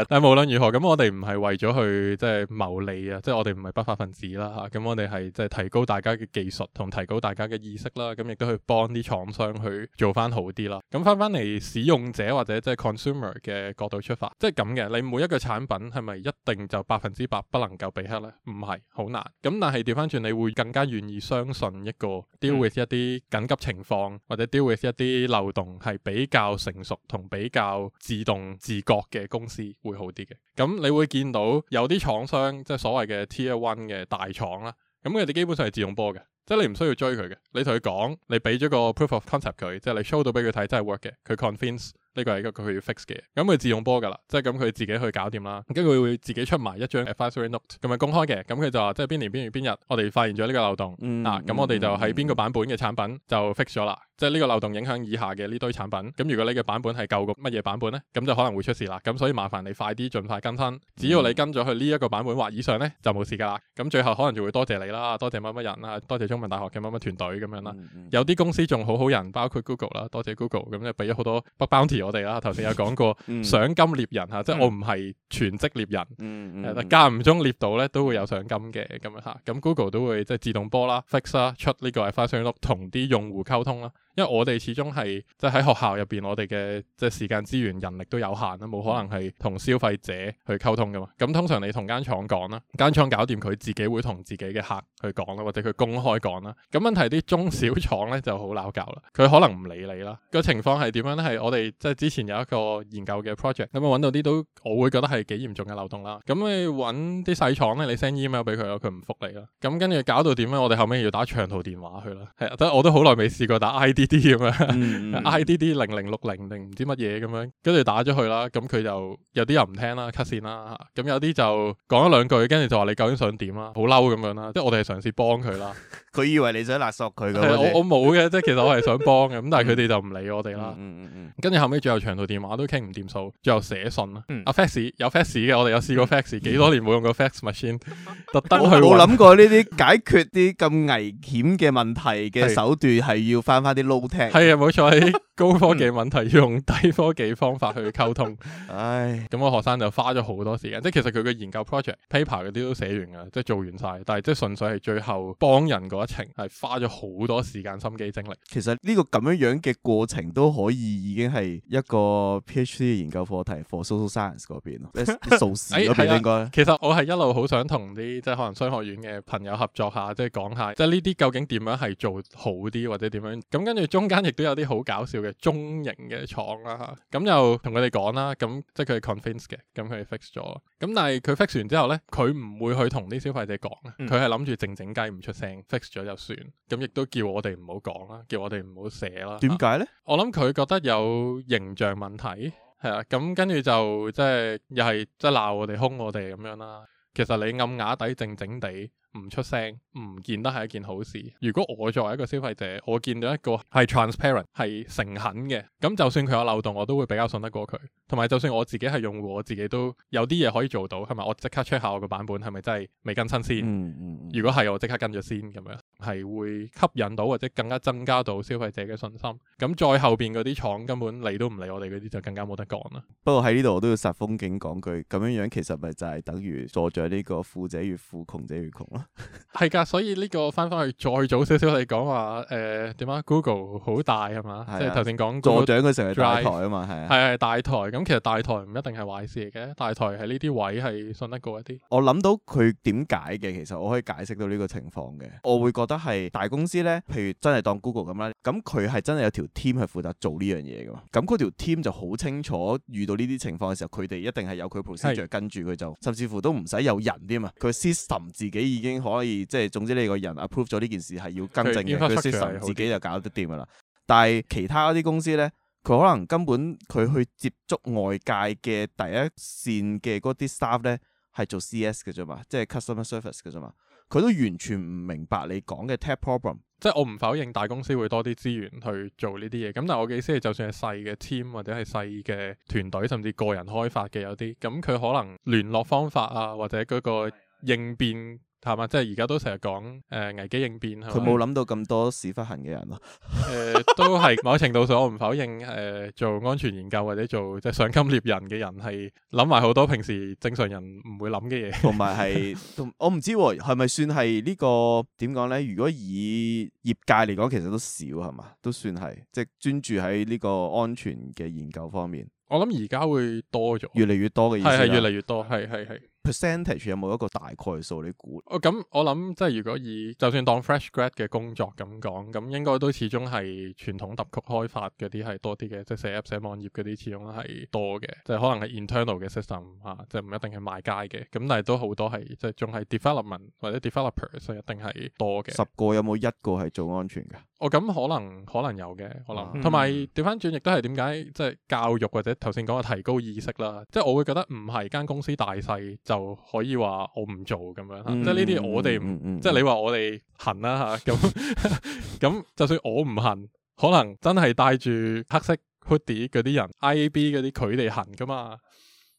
C: 但係無論如何，咁我哋唔係為咗去即係牟利啊，即係我哋唔係不法分子啦。吓，咁我哋係即係提高大家嘅技術同提高大家嘅意識啦。咁亦都去幫啲廠商去做翻好啲啦。咁翻翻嚟使用者或者即係 consumer 嘅角度出發，即係咁嘅。你每一個產品係咪一定就百分之百不能夠被黑呢？唔係。好難，咁但係調翻轉，你會更加願意相信一個 deal with、嗯、一啲緊急情況或者 deal with 一啲漏洞係比較成熟同比較自動自覺嘅公司會好啲嘅。咁你會見到有啲廠商即係所謂嘅 T1 嘅大廠啦，咁佢哋基本上係自動波嘅。即係你唔需要追佢嘅，你同佢講，你俾咗個 proof of concept 佢，即係你 show 到俾佢睇，真係 work 嘅，佢 convince 呢個係一個佢要 fix 嘅，咁佢自用波㗎啦，即係咁佢自己去搞掂啦，跟住佢會自己出埋一張 advisory note，咁樣公開嘅，咁佢就話即係邊年邊月邊日，我哋發現咗呢個漏洞、嗯、啊，咁我哋就喺邊個版本嘅產品就 fix 咗啦，嗯嗯、即係呢個漏洞影響以下嘅呢堆產品，咁如果你嘅版本係舊個乜嘢版本咧，咁就可能會出事啦，咁所以麻煩你快啲盡快更新，只要你跟咗去呢一個版本或以上咧就冇事㗎啦，咁最後可能就會多謝你啦，多謝乜乜人啦，多謝。中文大學嘅乜乜團隊咁樣啦，mm hmm. 有啲公司仲好好人，包括 Google 啦，多謝 Google 咁就俾咗好多 bounty 我哋啦。頭先有講過賞 金獵人嚇、 啊，即係我唔係全職獵人，間唔中獵到咧都會有賞金嘅咁樣嚇。咁 Google 都會即係自動波啦、fix 啦、 啊、出呢個 app 上到同啲用戶溝通啦。因為我哋始終係即係喺學校入邊，我哋嘅即係時間資源、人力都有限啦，冇可能係同消費者去溝通噶嘛。咁通常你同間廠講啦，間廠搞掂佢自己會同自己嘅客去講啦，或者佢公開。講啦，咁問題啲中小廠咧就好鬧交啦，佢可能唔理你啦。個情況係點樣咧？係我哋即係之前有一個研究嘅 project，咁啊搵到啲都我會覺得係幾嚴重嘅漏洞啦。咁你搵啲細廠咧，你 send email 俾佢啦，佢唔覆你啦。咁跟住搞到點樣？我哋後尾要打長途電話去啦。係，都我都好耐未試過打 I D D 咁樣，I D D 零零六零定唔知乜嘢咁樣，跟住、嗯、 打咗去啦。咁、嗯、佢就有啲又唔聽啦，cut 線啦。咁、嗯、有啲就講咗兩句，跟住就話你究竟想點啦，好嬲咁樣啦。即係我哋係嘗試幫佢啦。 佢以為你想勒索佢咁， 我冇嘅，即係其實我係想幫嘅，咁 但係佢哋就唔理我哋啦。跟住 後尾，最後長途電話都傾唔掂數，最後寫信啦。阿、 啊、fax 有 fax 嘅，我哋有試過 fax，幾多年冇用過 fax machine，特登 去。冇諗
B: 過呢啲解決啲咁危
C: 險嘅問題嘅手段係 的 要返返啲 low tech。係啊，冇錯。 高科技問題、嗯、用低科技方法去溝通， 唉，咁我學生就花咗好多時間，即係其實佢嘅研究 project paper 嗰啲都寫完噶，即係做完晒。但係即係純粹係最後幫人嗰一程，係花咗好多時間心機精力。
B: 其實呢個咁樣樣嘅過程都可以已經係一個 PhD 研究課題，for social science 嗰邊，即係 數字嗰邊應該。
C: 其實我係一路好想同啲即係可能商學院嘅朋友合作下，即係講下，即係呢啲究竟點樣係做好啲，或者點樣咁跟住中間亦都有啲好搞笑。中型嘅廠啦嚇，咁又同佢哋講啦，咁即係佢哋 confess 嘅，咁佢哋 fix 咗，咁但係佢 fix 完之後呢、嗯，佢唔會去同啲消費者講，佢係諗住靜靜雞唔出聲，fix、so、咗就算，咁亦都叫我哋唔好講啦，叫我哋唔好寫啦。點解呢？我諗佢覺得有形象問題，係啊，咁跟住就即係又係即係鬧我哋，兇我哋咁樣啦。其實你暗啞底靜靜地。唔出聲唔見得係一件好事。如果我作為一個消費者，我見到一個係 transparent 係誠懇嘅，咁就算佢有漏洞，我都會比較信得過佢。同埋就算我自己係用戶，我自己都有啲嘢可以做到，係咪？我即刻 check 下我個版本係咪真係未更新先？嗯嗯、如果係，我即刻跟咗先咁樣，係會吸引到或者更加增加到消費者嘅信心。咁再後邊嗰啲廠根本理都唔理我哋嗰啲就更加冇得講啦。
B: 不過喺呢度我都要煞風景講句，咁樣樣其實咪就係等於坐著呢個富者越富，窮者越窮咯。
C: 係噶， 所以呢個翻翻去，再早少少，你講話誒點啊？Google 好大係的嘛，即係頭先講助長佢成日大台啊嘛，係係係大台。咁其實大台唔一定係壞事嚟嘅，大台喺呢啲位係信得過一啲。
B: 我諗到佢點解嘅，其實我可以解釋到呢個情況嘅。我會覺得係大公司咧，譬如真係當 Google 咁樣。咁佢係真係有條 team 係負責做呢樣嘢噶嘛？咁嗰條 team 就好清楚，遇到呢啲情況嘅時候，佢哋一定係有佢 procedure 跟住佢就，的甚至乎都唔使有人添啊！佢 system 自己已經可以，即係總之你個人 approve 咗呢件事係要更正嘅，佢的 system 自己就搞得掂噶啦。的但係其他啲公司咧，佢可能根本佢去接觸外界嘅第一線嘅嗰啲 staff 咧，係做 CS 嘅啫嘛，即係 customer service 嘅啫嘛。佢都完全唔明白你講嘅 tap problem，
C: 即係我唔否認大公司會多啲資源去做呢啲嘢，咁但係我嘅意思係就算係細嘅 team 或者係細嘅團隊，甚至個人開發嘅有啲，咁佢可能聯絡方法啊，或者嗰個應變。談啊，即係而家都成日講誒，危機應變佢冇諗
B: 到咁多屎忽痕嘅人咯。
C: 誒、 呃，都係某程度上，我唔否認誒、呃，做安全研究或者做即係賞金獵人嘅人係諗埋好多平時正常人唔會諗嘅嘢。同埋係，
B: 我唔知係咪、啊、算係、這個、呢個點講咧？如果以業界嚟講，其實都少係嘛？都算係即係專注喺呢個安全嘅研究方面。我諗而家會多咗，越嚟越多嘅意思。係越嚟越多，
C: 係係係。
B: percentage 有冇一個大概數你估？
C: 哦，咁、嗯、我諗即係如果以就算當 fresh grad 嘅工作咁講，咁、嗯、應該都始終係傳統特曲開發嗰啲係多啲嘅，即係寫 app 寫網頁嗰啲始終係多嘅，即係可能係 internal 嘅 system 嚇、啊，即係唔一定係賣街嘅，咁、嗯、但係都好多係即係仲係 development 或者 developers、啊、一定係多嘅。十個
B: 有冇一個係做安全嘅？
C: 哦，咁、嗯、可能可能有嘅，可能同埋調返轉亦都係點解即係教育或者頭先講嘅提高意識啦，即係我會覺得唔係間公司大細。就可以話我唔做咁樣，嗯、即係呢啲我哋，唔、嗯，嗯、即係你話我哋行啦、啊、嚇，咁咁 就算我唔行，可能真係帶住黑色 hoodie 嗰啲人，IAB 嗰啲佢哋行噶嘛，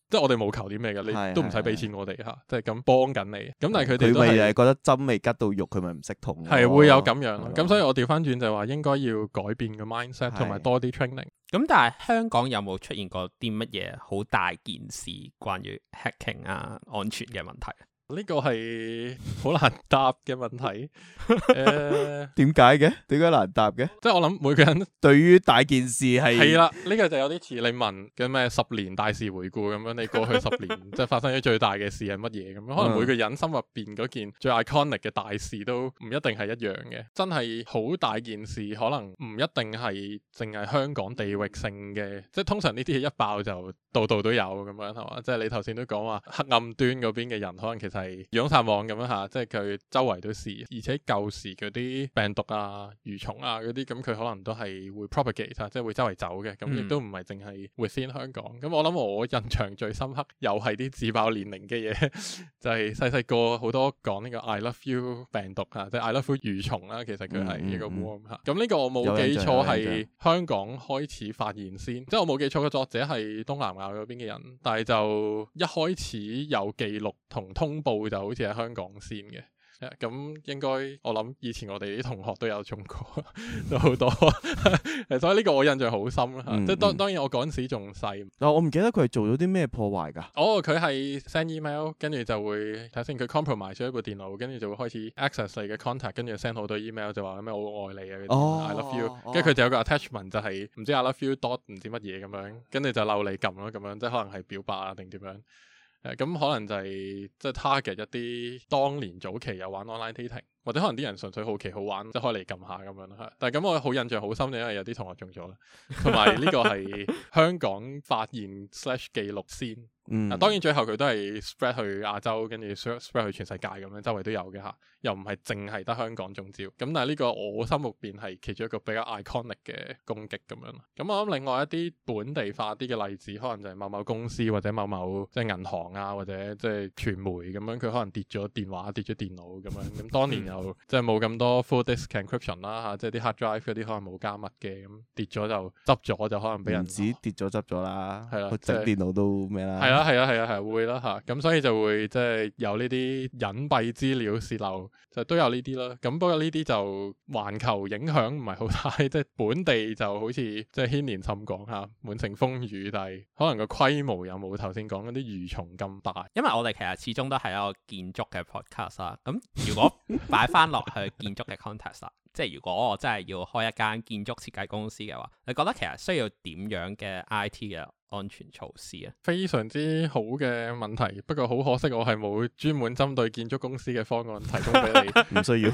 C: 即係我哋冇求啲咩嘅，你都唔使俾錢我哋嚇，即係咁幫緊你。咁是但係佢哋都咪係
B: 覺得針未吉到肉，佢咪唔識痛？係會有咁樣
C: 咯。咁的所以我調翻轉就話，應該要改變個 mindset，同埋的多啲 training。咁、嗯、
A: 但係香港有冇出現過啲乜嘢好大件事，關於 hacking 啊，
B: 安全嘅問題？嗯嗯
C: 呢個係好難答嘅問題，誒、 uh，
B: 點解嘅？點解難答嘅？ 即係我諗每個人 對於大件事係係啦，
C: 呢、 呢個就有啲似你問嘅咩十年大事回顧咁樣，你過去十年 即係發生咗最大嘅事係乜嘢咁樣，可能每個人心入邊嗰件最 iconic 嘅大事都唔一定係一樣嘅，真係好大件事，可能唔一定係淨係香港地域性嘅，即係通常呢啲嘢一爆就度度都有咁樣，係嘛？即係你頭先都講話黑暗端嗰邊嘅人可能其實。係，漁翁撒網咁樣嚇，即係佢周圍都試，而且舊時佢啲病毒啊、蠕蟲啊嗰啲，咁佢可能都係會 propagate 啊，即係會周圍走嘅，咁亦都唔係淨係 within 香港。咁、嗯嗯、我諗我印象最深刻又係啲自爆年齡嘅嘢， 就係細細個好多講呢個 I love you 病毒啊，即係 I love you 蠕蟲啦、啊，其實佢係一個 worm 吓、嗯。咁、嗯、呢個我冇記錯係香港開始發現先，即係我冇記錯嘅作者係東南亞嗰邊嘅人，但係就一開始有記錄同通部就好似喺香港先嘅，咁、yeah, 應該我諗以前我哋啲同學都有中過， 都好很多， 所以呢個我印象好深啦。嗯啊、即係當當然我嗰陣時仲細，
B: 但我唔記得佢係做咗啲咩破壞㗎。哦，
C: 佢係 send email，跟住就會睇先佢 compromise 咗一部電腦，跟住就會開始 access 你嘅 contact，跟住 send 好多 email 就話咩我好愛你啊、哦、I love you，跟住佢就有個 attachment 就係、是、唔知 I love you dot 唔知乜嘢咁樣，跟住就撈你撳咯咁樣，即係可能係表白啊定點樣。誒咁、嗯、可能就係、是、即係 target 一啲當年早期有玩 online dating 或者可能啲人純粹好奇好玩，即係開嚟撳下咁樣咯，係、嗯。但係咁我好印象好深，因為有啲同學中咗啦，同埋呢個係香港發現 slash 記錄先。嗯，嗱，當然最後佢都係 spread 去亞洲，跟住 spread 去全世界咁樣，周圍都有嘅嚇，又唔係淨係得香港中招。咁但係呢個我心入面係其中一個比較 iconic 嘅攻擊咁樣。咁我諗另外一啲本地化啲嘅例子，可能就係某某公司或者某某即係銀行啊，或者即係傳媒咁樣，佢可能跌咗電話、跌咗電腦咁樣。咁當年又 即係冇咁多 full disk encryption 啦嚇，即係啲 hard drive 嗰啲可能冇加密嘅，咁跌咗就執咗就可能俾人。
B: 指跌咗執咗啦，係啦，整電腦都咩啦、啊？ 啊，係
C: 啊，係啊，係啊，會啦嚇，咁、啊嗯、所以就會即係有呢啲隱蔽資料洩漏，就都有呢啲啦。咁不過呢啲就環球影響唔係好大，即、就、係、是、本地就好似即係牽連甚廣嚇，滿城風雨。但係可能個規模有冇頭先講嗰啲蠕蟲咁大。因為我哋
A: 其實始終都係一個建築嘅 podcast 啦。咁如果擺翻落去建築嘅 context 啦， 即係如果我真係要開一間建築設計公司嘅話，你覺得其實需要點樣嘅 IT 嘅？安全措施啊，
C: 非常之好嘅問題。不過好可惜，我係冇專門針對建築公司嘅方案提供俾你。唔需要。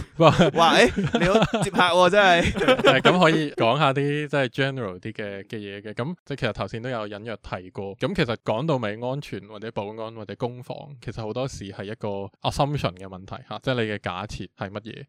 C: 哇、欸，你好接客喎，啊，真係。咁、 嗯嗯嗯嗯嗯，可以講下啲即係 general 啲嘅嘅嘢嘅。咁即係其實頭先都有隱約提過。咁其實講到尾安全或者保安或者攻防，其實好多時係一個 assumption 嘅問題吓，即、嗯、係、就是、你嘅假設係乜嘢。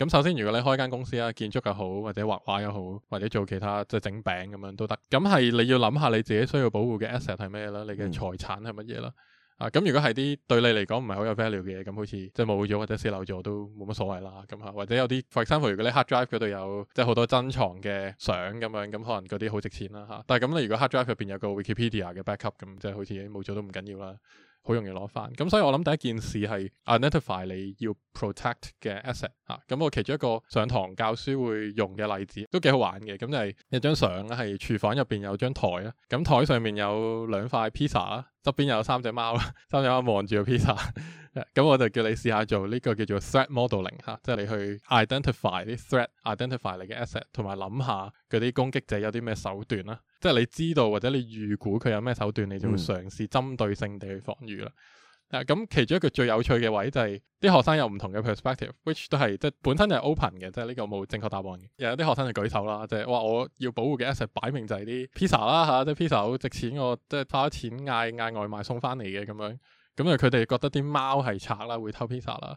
C: 咁首先，如果你開間公司啦，建築又好，或者畫畫又好，或者做其他即係整餅咁樣都得。咁係你要諗下你自己需要保護嘅 asset 係咩啦？嗯、你嘅財產係乜嘢啦？啊，咁如果係啲對你嚟講唔係好有 value 嘅嘢，咁好似即係冇咗或者洩漏咗都冇乜所謂啦。咁、啊、嚇，或者有啲 for example，如果你 hard drive 嗰度有即係好多珍藏嘅相咁樣，咁可能嗰啲好值錢啦嚇、啊。但係咁你如果 hard drive 入邊有個 Wikipedia 嘅 backup 咁，即係好似冇咗都唔緊要啦。好容易攞翻，咁所以我諗第一件事係 identify 你要 protect 嘅 asset，嚇、啊，咁我其中一個上堂教書會用嘅例子，都幾好玩嘅，咁就係一張相啦，係廚房入邊有張台啦，咁台上面有兩塊 pizza，側邊有三隻貓，三隻貓望住個 pizza。咁、yeah, 我就叫你試下做呢個叫做 threat modeling 吓、啊，即係你去 ident reat, identify 啲 threat，identify 你嘅 asset，同埋諗下嗰啲攻擊者有啲咩手段啦、啊。即係你知道或者你預估佢有咩手段，你就會嘗試針對性地去防御啦。啊，咁、嗯啊、其中一個最有趣嘅位就係、是、啲學生有唔同嘅 perspective，which 都係即係本身就係 open 嘅，即係呢個冇正確答案嘅。又有啲學生就舉手啦，就係話我要保護嘅 asset 擺明就係啲 pizza 啦、啊、吓，即係 pizza 好值錢，我即係花咗錢嗌嗌外賣送翻嚟嘅咁樣。咁啊，佢哋覺得啲貓係賊啦，會偷披 i 啦。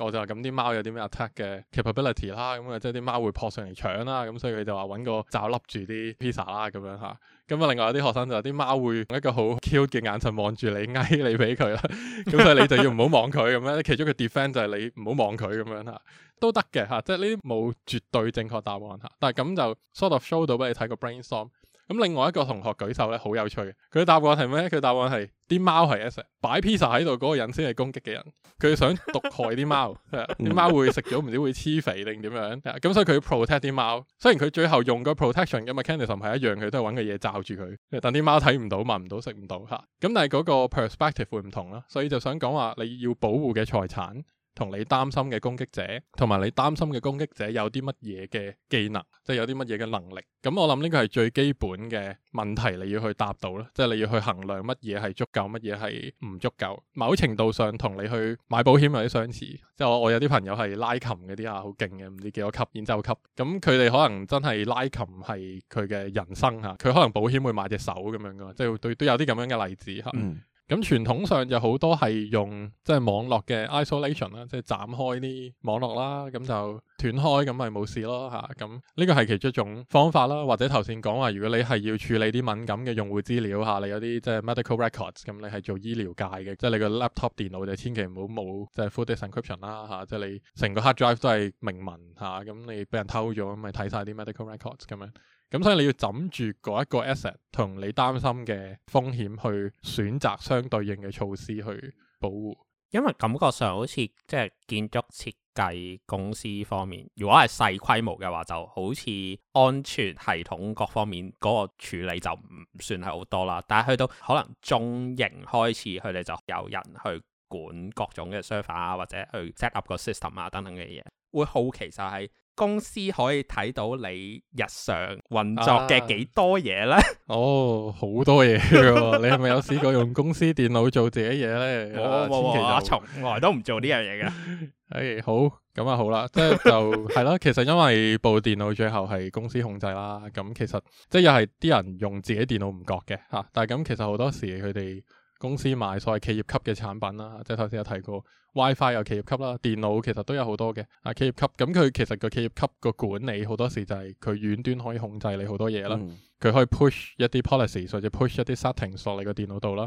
C: 我就話咁啲貓有啲咩 attack 嘅 capability 啦，咁啊，即係啲貓會撲上嚟搶啦。咁所以佢就話揾個罩笠住啲披 i 啦，咁樣吓，咁啊，另外有啲學生就話啲貓會用一個好 cute 嘅眼神望住你，餵你俾佢啦。咁 所以你就要唔好望佢咁咧。 其中嘅 d e f e n s e 就係你唔好望佢咁樣吓，都得嘅吓。即係呢啲冇絕對正確答案吓。但係咁就 sort of show 到俾你睇個 brainstorm。咁另外一個同學舉手咧，好有趣。佢嘅答案係咩咧？佢答案係啲貓係一隻擺 pizza 喺度嗰、嗰個人先係攻擊嘅人。佢想毒害啲貓，啲、 啊、貓會食咗唔知會黐肥定點樣？咁、啊、所以佢 protect 啲貓。雖然佢最後用個 protection 嘅 mechanism 係一樣，佢都係揾個嘢罩住佢，等啲貓睇唔到、聞唔到、食唔到嚇。咁、啊、但係嗰個 perspective 會唔同啦，所以就想講話你要保護嘅財產。同你擔心嘅攻擊者，同埋你擔心嘅攻擊者有啲乜嘢嘅技能，即係有啲乜嘢嘅能力。咁我諗呢個係最基本嘅問題，你要去答到咯，即係你要去衡量乜嘢係足夠，乜嘢係唔足夠。某程度上同你去買保險有啲相似。即係我我有啲朋友係拉琴嗰啲啊，好勁嘅，唔知幾多級演奏級。咁佢哋可能真係拉琴係佢嘅人生嚇，佢可能保險會買隻手咁樣嘅，即係都都有啲咁樣嘅例子嚇。嗯。咁傳統上就好多係用即係網絡嘅 isolation 啦，即係斬開啲網絡啦，咁就斷開，咁咪冇事咯嚇。咁、啊、呢個係其中一種方法啦。或者頭先講話，如果你係要處理啲敏感嘅用戶資料嚇、啊，你有啲即係 medical records，咁你係做醫療界嘅，即係你個 laptop 電腦就千祈唔好冇即係 full disk encryption 啦嚇，即係、啊、你成個 hard drive 都係明文嚇，咁、啊、你俾人偷咗，咁咪睇晒啲 medical records 咁樣。咁所以你要枕住嗰一個 asset 同你擔心嘅風險去選擇相對應嘅措施去保護。因為感覺上好似即係建築設計公司方面，如果
A: 係細規模嘅話，就好似安全系統各方面嗰個處理就唔算係好多啦。但係去到可能中型開始，佢哋就有人去管各種嘅 server 啊，或者去 set up 個 system 啊等等嘅嘢。會好奇就係、是。公司可以睇到你日常運作嘅幾多嘢呢、
C: 啊？哦，好多嘢嘅、啊， 你係咪有試過用公司電腦做自己嘢呢？我冇有，我從
A: 來都唔做呢樣嘢嘅。
C: 誒、 哎，好，咁啊好啦，即係就係咯。 其實因為部電腦最後係公司控制啦，咁其實即係又係啲人用自己電腦唔覺嘅吓、啊，但係咁其實好多時佢哋。公司買，所謂企業級嘅產品啦，即係頭先有提過 WiFi 有企業級啦，電腦其實都有好多嘅啊企業級，咁佢其實個企業級個管理好多時就係佢遠端可以控制你好多嘢啦，佢、嗯、可以 push 一啲 policy 或者 push 一啲 setting 落你個電腦度啦。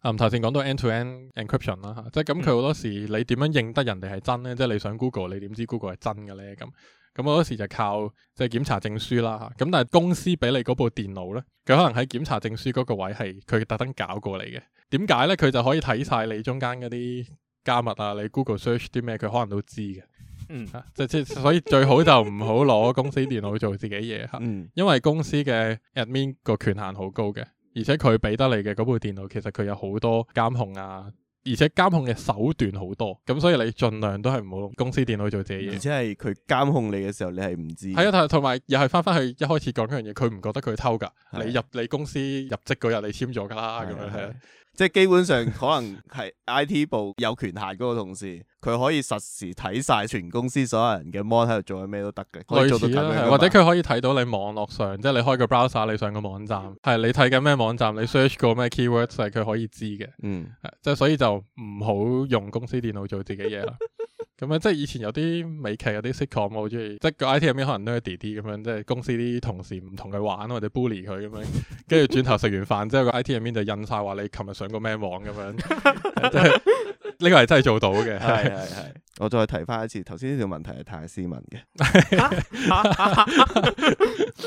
C: 啊、嗯，頭先講到 end to end encryption 啦，即係咁佢好多時你點樣認得人哋係真呢？嗯、即係你想 Google，你點知 Google 係真嘅呢？咁。咁我嗰時就靠即係檢查證書啦，咁但係公司俾你嗰部電腦咧，佢可能喺檢查證書嗰個位係佢特登搞過嚟嘅，點解咧？佢就可以睇晒你中間嗰啲加密啊，你 Google search 啲咩，佢可能都知嘅。嗯，即係、啊、所以最好就唔好攞公司電腦做自己嘢吓、啊，因為公司嘅 admin 個權限好高嘅，而且佢俾得你嘅嗰部電腦其實佢有好多監控啊。而且監控嘅手段好多，咁所以你盡量都係唔好用公司電腦做自己嘢。而且係佢監控你嘅時候你，你係唔知。係啊，同埋又係翻翻去一開始講嗰樣嘢，佢唔覺得佢偷㗎。的你入你公司入職嗰日，你簽咗㗎啦，咁樣係。的即係基本上可能係 IT 部
B: 有權限嗰個同事，佢 可以實時睇晒全公司所有人嘅 mon 喺度做緊咩都得嘅，可以做到咁樣。或者佢
C: 可以睇到你網絡上，即係你， 你開個 browser，你上個網站，係、嗯、你睇緊咩網站，你 search 過咩 keywords，佢可以知嘅。嗯，即係所以就唔好用公司電腦做自己嘢啦。 咁樣，即係以前有啲美劇有啲 sitcom 我好中意，即係個 I T 入面可能都係 D D 咁樣，即係公司啲同事唔同佢玩或者 bully 佢咁樣，跟住轉頭食完飯，之後個 I T 入面就印晒話你琴日上過咩網咁樣，即係呢個係真係做到嘅。係係係，我再提翻一次，頭先呢條問題係太斯文嘅，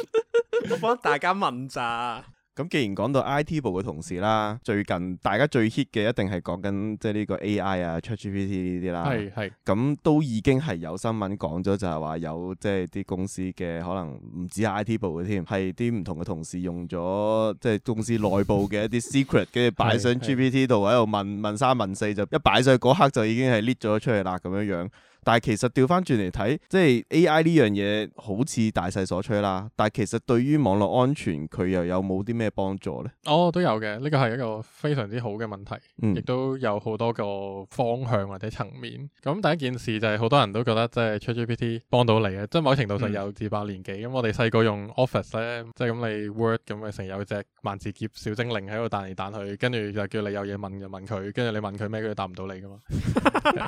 A: 我幫大家問咋。
B: 咁既然講到 IT 部嘅同事啦，最近大家最 hit 嘅一定係講緊即係呢個 AI 啊，ChatGPT 呢啲啦，係係。咁都已經係有新聞講咗，就係話有即係啲公司嘅可能唔止 IT 部嘅添，係啲唔同嘅同事用咗即係公司內部嘅一啲 secret，跟住擺 上 GPT 度喺度問 問三問四，就一擺上去嗰刻就已經係 lift 咗出嚟啦咁樣樣。但係其實調翻轉嚟睇，即係 A.I. 呢樣嘢好似大勢所趨啦。但係其實對於網絡安全，佢又有冇啲咩
C: 幫助呢？哦，都有嘅。呢個係一個非常之好嘅問題，亦、嗯、都有好多個方向或者層面。咁第一件事就係好多人都覺得即係 ChatGPT 幫到你嘅，即係某程度上有至百年幾。咁、嗯嗯、我哋細個用 Office 咧，即係咁你 Word 咁咪成日有隻萬字夾小精靈喺度彈嚟彈去，跟住就叫你有嘢問就問佢，跟住你問佢咩佢答唔到你噶嘛。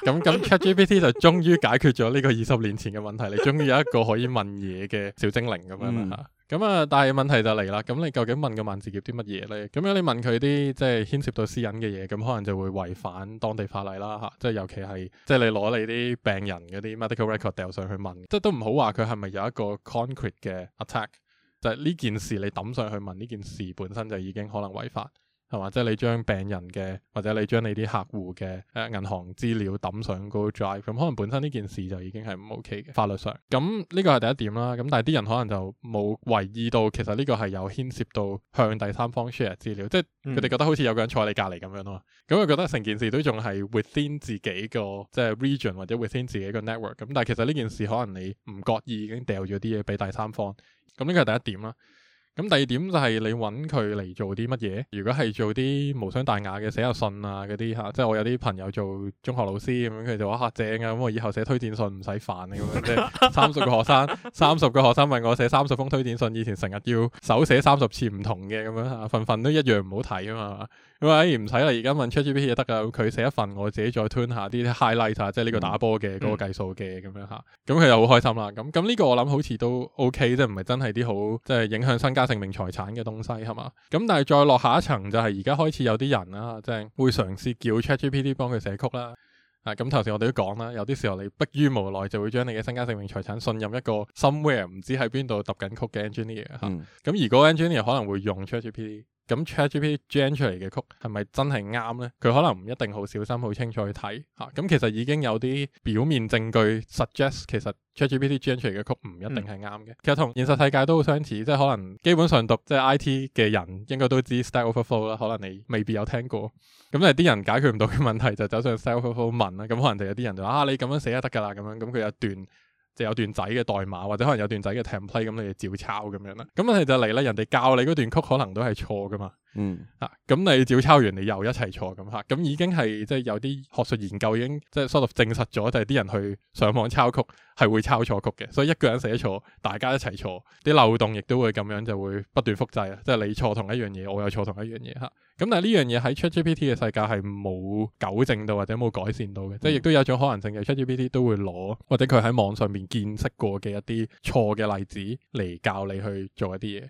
C: 咁咁 ChatGPT 就中。於解決咗呢個二十年前嘅問題，你終於有一個可以問嘢嘅小精靈咁樣啦嚇。咁、嗯、啊，但係問題就嚟啦，咁你究竟問個萬字帖啲乜嘢咧？咁樣你問佢啲即係牽涉到私隱嘅嘢，咁可能就會違反當地法例啦嚇、啊。即係尤其係即係你攞你啲病人嗰啲 medical record 掟上去問，即係都唔好話佢係咪有一個 concrete 嘅 attack，就係呢件事你抌上去問呢件事本身就已經可能違法。係嘛？即係你將病人嘅，或者你將你啲客戶嘅誒銀行資料抌上 Go Drive，咁、嗯、可能本身呢件事就已經係唔 OK 嘅法律上。咁呢個係第一點啦。咁、嗯、但係啲人可能就冇留意到，其實呢個係有牽涉到向第三方 share 資料，即係佢哋覺得好似有個人坐你隔籬咁樣咯。咁、嗯、佢、嗯嗯嗯、覺得成件事都仲係 within 自己個即係 region 或者 within 自己個 network、嗯。咁但係其實呢件事可能你唔覺意已經掉咗啲嘢俾第三方。咁呢個係第一點啦。咁第二點就係你搵佢嚟做啲乜嘢？如果係做啲無傷大雅嘅寫信啊嗰啲吓，即係我有啲朋友做中學老師咁，佢就話吓、啊、正啊，咁我以後寫推薦信唔使煩啊，咁樣即係三十個學生，三十個學生問我寫三十封推薦信，以前成日要手寫三十次唔同嘅，咁樣吓份份都一樣唔好睇啊嘛。喂，唔使啦，而家問 ChatGPT 就得噶，佢寫一份，我自己再 tune 下啲 highlight 即係呢個打波嘅嗰個計數嘅咁樣吓。咁佢就好開心啦。咁咁呢個我諗好似都 OK，即係唔係真係啲好即係影響身家性命財產嘅東西係嘛？咁但係再落下，下一層就係而家開始有啲人啦，即係會嘗試叫 ChatGPT 幫佢寫曲啦。咁頭先我哋都講啦，有啲時候你迫於無奈就會將你嘅身家性命財產信任一個 somewhere 唔知喺邊度揼緊曲嘅 engineer 吓、啊。咁如果、嗯、engineer 可能會用 ChatGPT。咁 ChatGPT g e n e a t e 嚟嘅曲係咪真係啱咧？佢可能唔一定好小心、好清楚去睇嚇。咁、啊嗯嗯、其實已經有啲表面證據 suggest 其實 ChatGPT g e n e a t e 嚟嘅曲唔一定係啱嘅。其實同現實世界都好相似，即係可能基本上讀即係 IT 嘅人應該都知 style o f e f o o w 啦。可能你未必有聽過。咁、嗯、咧、啲、嗯 嗯、人解決唔到嘅問題就走上 self o f e f o o w 問啦。咁、嗯、可能就有啲人就啊，你咁樣寫啊得噶啦咁樣。咁佢有一段。就有段仔嘅代碼，或者可能有段仔嘅 template，咁、嗯、你照抄咁樣啦。咁問題就嚟咧，人哋教你嗰段曲可能都係錯噶嘛。嗯，啊，咁你照抄完，你又一齊錯咁吓，咁已經係即係有啲學術研究已經即係 sort of 證實咗，就係啲人去上網抄曲係會抄錯曲嘅，所以一個人寫錯，大家一齊錯，啲漏洞亦都會咁樣就會不斷複製啊，即係你錯同一樣嘢，我又錯同一樣嘢吓，咁但係呢樣嘢喺 ChatGPT 嘅世界係冇糾正到或者冇改善到嘅，嗯、即係亦都有種可能性嘅，ChatGPT 都會攞或者佢喺網上邊見識過嘅一啲錯嘅例子嚟教你去做一啲嘢。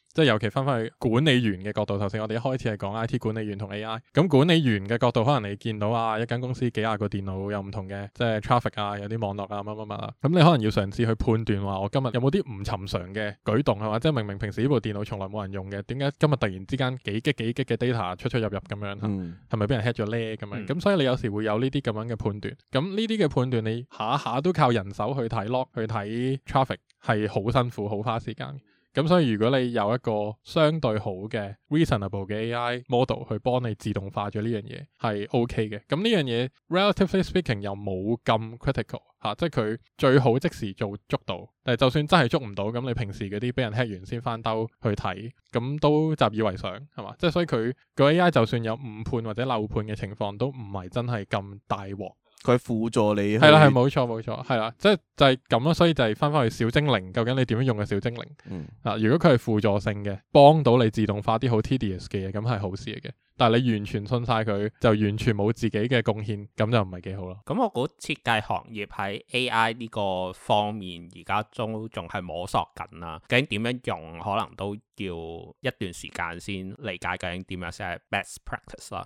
C: 即係尤其分翻去管理員嘅角度，頭先我哋一開始係講 I T 管理員同 A I，咁管理員嘅角度，可能你見到啊一間公司幾廿個電腦有，有唔同嘅即係 traffic 啊，有啲網絡啊，乜乜乜啊，咁你可能要嘗試去判斷話，我今日有冇啲唔尋常嘅舉動係嘛？即係明明平時呢部電腦從來冇人用嘅，點解今日突然之間幾激幾激嘅 data 出出入入咁樣？係咪俾人 hack 咗呢？咁樣咁所以你有時會有呢啲咁樣嘅判斷，咁呢啲嘅判斷你下下都靠人手去睇 log 去睇 traffic 係好辛苦，好花時間。咁所以如果你有一個相對好嘅 reasonable 嘅 AI model 去幫你自動化咗呢樣嘢係 OK 嘅，咁呢樣嘢 relatively speaking 又冇咁 critical 嚇、啊，即係佢最好即時做捉到，但係就算真係捉唔到，咁你平時嗰啲俾人 hack 完先翻兜去睇，咁都習以為常係嘛？即係所以佢個 AI 就算有誤判或者漏判嘅情況，都唔係真係咁大鑊。佢輔助你係啦，係冇錯冇錯，係啦，即係就係咁咯，所以就係返返去小精靈，究竟你點樣用嘅小精靈？嗱、嗯，如果佢係輔助性嘅，幫到你自動化啲好 tedious 嘅嘢，咁係好事嚟嘅。但係你完全信晒佢，就完全冇自己嘅貢獻，咁就唔係幾好咯。咁、嗯、我
A: 估設計行業喺 AI 呢個方面而家都仲係摸索緊啦，究竟點樣用，可能都要一段時間先理解究竟點樣先係 best practice 啦。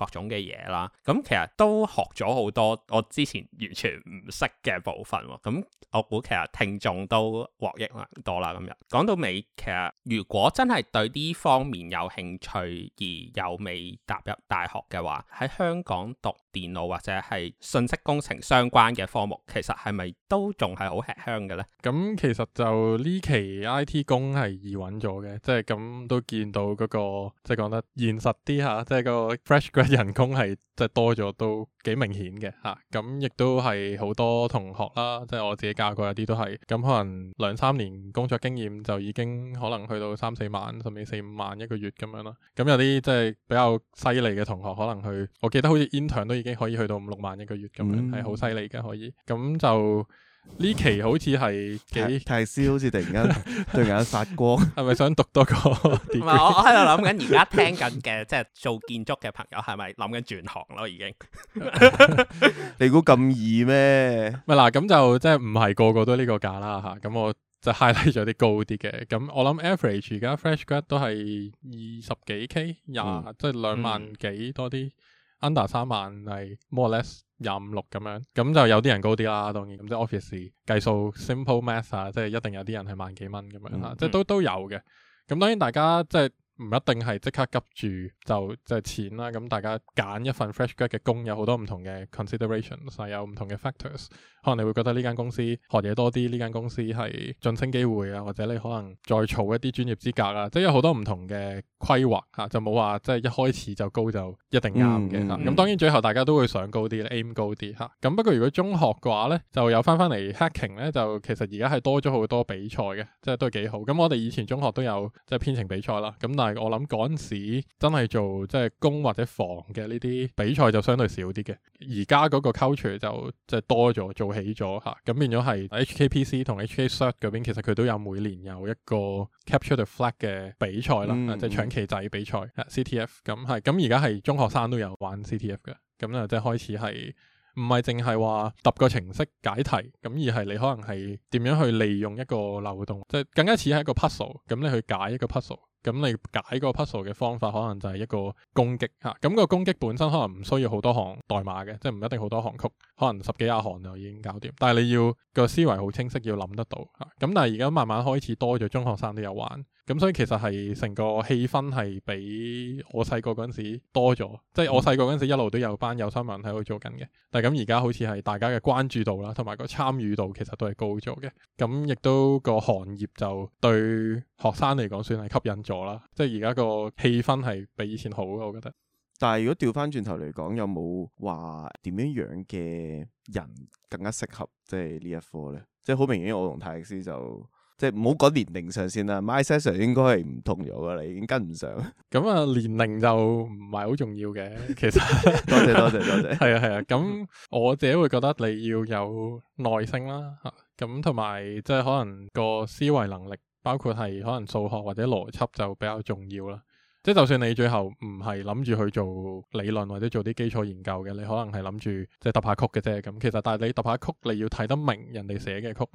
A: 各種嘅嘢啦，咁、嗯、其實都學咗好多，我之前完全唔識嘅部分喎、啊。咁、嗯、我估其實聽眾都獲益良多啦。今日講到尾，其實如果真係對呢方面有興趣而又未踏入大學嘅話，喺香港讀電腦或者係信息工程相關嘅
C: 科目，其實係咪都仲係好吃香嘅呢？咁其實就呢期 IT 工係易揾咗嘅，即係咁都見到嗰、那個，即、就、係、是、講得現實啲吓，即、就、係、是、個 fresh grad 人工係即係多咗都幾明顯嘅嚇，咁亦都係好多同學啦，即、就、係、是、我自己教過一啲都係，咁、嗯、可能兩三年工作經驗就已經可能去到三四萬，甚至四五萬一個月咁樣啦。咁、嗯嗯、有啲即係比較犀利嘅同學，可能去我記得好似 Intern 都已經可以去到五六萬一個月咁樣，係好犀利嘅可以。咁、嗯嗯、就。呢期好似係，幾太燒好似突然間對眼發光，係 咪想讀多個？唔係，我喺度諗緊，而家聽緊
A: 嘅即係做建築嘅朋友，係咪諗緊轉行咯、啊？已經，
C: 你估咁易咩？係嗱， 咁就即係唔係個都個都呢個價啦吓，咁、啊、我就 highlight 咗啲高啲嘅，咁我諗 average 而家 fresh grad 都係二十幾 k，廿、嗯、即係兩萬幾多啲、嗯、，under 三萬係 more less。廿五六咁樣，咁就有啲人高啲啦，當然即 office 計數 simple math 啊，即一定有啲人係萬幾蚊咁樣、嗯嗯、即都都有嘅，咁當然大家即唔一定係即刻急住就即係錢啦，咁大家揀一份 fresh grad 嘅工有好多唔同嘅 considerations、啊、有唔同嘅 factors，可能你會覺得呢間公司學嘢多啲，呢間公司係晉升機會啊，或者你可能再儲一啲專業資格啦啊，即係有好多唔同嘅規劃嚇，就冇話即係一開始就高就一定啱嘅。咁當然最後大家都會想高啲咧，aim 高啲嚇。咁、啊、不過如果中學嘅話咧，就有翻翻嚟 hacking 咧，就其實而家係多咗好多比賽嘅，即係都幾好。咁我哋以前中學都有即係編程比賽啦，咁但，但我諗嗰陣時真係做即係攻或者防嘅呢啲比賽就相對少啲嘅。而家嗰個 culture 就即係多咗，做起咗吓，咁、啊、變咗係 H K P C 同 HKCERT 嗰邊，其實佢都有每年有一個 Capture the Flag 嘅比賽啦，即係搶旗仔比賽、啊、C T F 咁係。咁而家係中學生都有玩 C T F 嘅，咁啊即係開始係唔係淨係話揼個程式解題咁，而係你可能係點樣去利用一個漏洞，即、就、係、是、更加似係一個 puzzle 咁，你去解一個 puzzle。咁你解個 puzzle 嘅方法可能就係一個攻擊吓，咁、啊，個攻擊本身可能唔需要好多行代碼嘅，即係唔一定好多行曲，可能十幾廿行就已經搞掂。但係你要個思維好清晰，要諗得到吓。咁、啊、但係而家慢慢開始多咗中學生都有玩。咁所以其實係成個氣氛係比我細個嗰陣時多咗，即係我細個嗰陣時一路都有班有新聞喺度做緊嘅，但係咁而家好似係大家嘅關注度啦，同埋個參與度其實都係高咗嘅，咁亦都個行業就對學生嚟講算係吸引咗啦，即係而家個氣氛係比以前好咯，我覺得。
B: 但係如果調翻轉頭嚟講，有冇話點樣樣嘅人更加適合即係呢一科呢？即係好明顯，我同泰迪斯就。即係唔好講年齡上先啦，Myself 應該係唔同咗噶啦，你已經跟唔上。
C: 咁啊年齡就唔係好重要嘅，其實。多謝多謝多謝。係啊係啊，咁、 嗯、我自己會覺得你要有耐性啦，咁同埋即係可能個思維能力，包括係可能數學或者邏輯就比較重要啦。即係就算你最後唔係諗住去做理論或者做啲基礎研究嘅，你可能係諗住即係揼下曲嘅啫。咁其實但係你揼下曲，你要睇得明人哋寫嘅曲。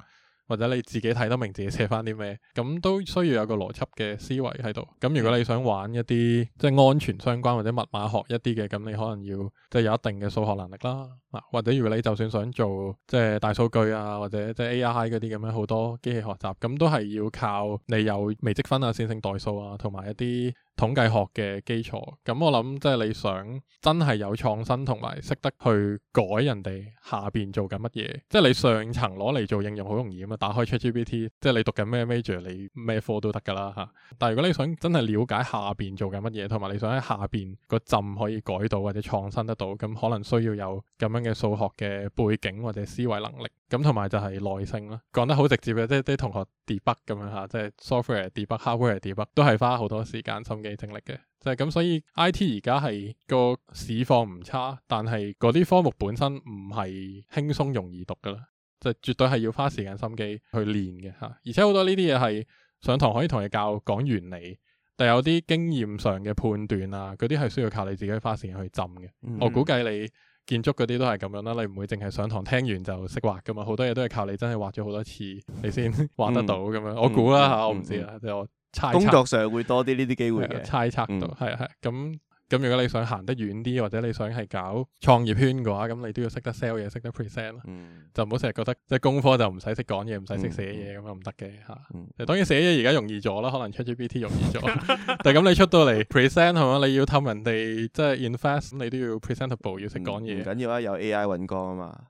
C: 或者你自己睇得明自己寫翻啲咩，咁都需要有個邏輯嘅思維喺度。咁如果你想玩一啲即係安全相關或者密碼學一啲嘅，咁你可能要即係有一定嘅數學能力啦。嗱，或者如果你就算想做即係大數據啊或者即係 AI 嗰啲咁樣好多機器學習，咁都係要靠你有微積分啊、線性代數啊同埋一啲。統計學嘅基礎，咁我諗即係你想真係有創新同埋識得去改人哋下邊做緊乜嘢，即係你上層攞嚟做應用好容易啊嘛，打開 ChatGPT，即係你讀緊咩 major，你咩科都得噶啦。但如果你想真係了解下邊做緊乜嘢，同埋你想喺下邊個陣可以改到或者創新得到，咁可能需要有咁樣嘅數學嘅背景或者思維能力。咁同埋就係耐性咯，講得好直接嘅，即係啲同學 debug 咁樣吓，即係 software debug、hardware debug 都係花好多時間心機精力嘅，即係咁所以 IT 而家係個市況唔差，但係嗰啲科目本身唔係輕鬆容易讀噶啦，就絕對係要花時間心機去練嘅嚇，而且好多呢啲嘢係上堂可以同你教講原理，但有啲經驗上嘅判斷啊，嗰啲係需要靠你自己花時間去浸嘅，嗯、哼我估計你。建築嗰啲都係咁樣啦，你唔會淨係上堂聽完就識畫㗎嘛，好多嘢都係靠你真係畫咗好多次，你先畫得到咁、嗯、樣。我估啦吓，嗯、我唔知啦，即係、嗯、我猜測。工作上會多啲呢啲機會嘅、嗯、猜測到，係啊係咁。咁如果你想行得遠啲，或者你想係搞創業圈嘅話，咁你都要識得 sell 嘢，識得 present 啦、嗯。就唔好成日覺得即係功課就唔使識講嘢，唔使識寫嘢咁樣唔得嘅嚇。嗯。嗯，當然寫嘢而家容易咗啦，可能 ChatGPT 容易咗。 但係咁你出到嚟 present 係嘛？你要氹人哋即係 invest 你都要 presentable，要識講嘢。唔緊要啊，有 AI 揾歌啊嘛。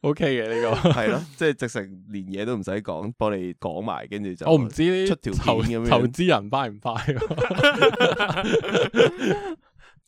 B: O K 嘅，呢個係咯，即係直成連嘢都唔使講，幫你講埋，
C: 跟住就我唔知呢出條片咁樣，投資人快唔快？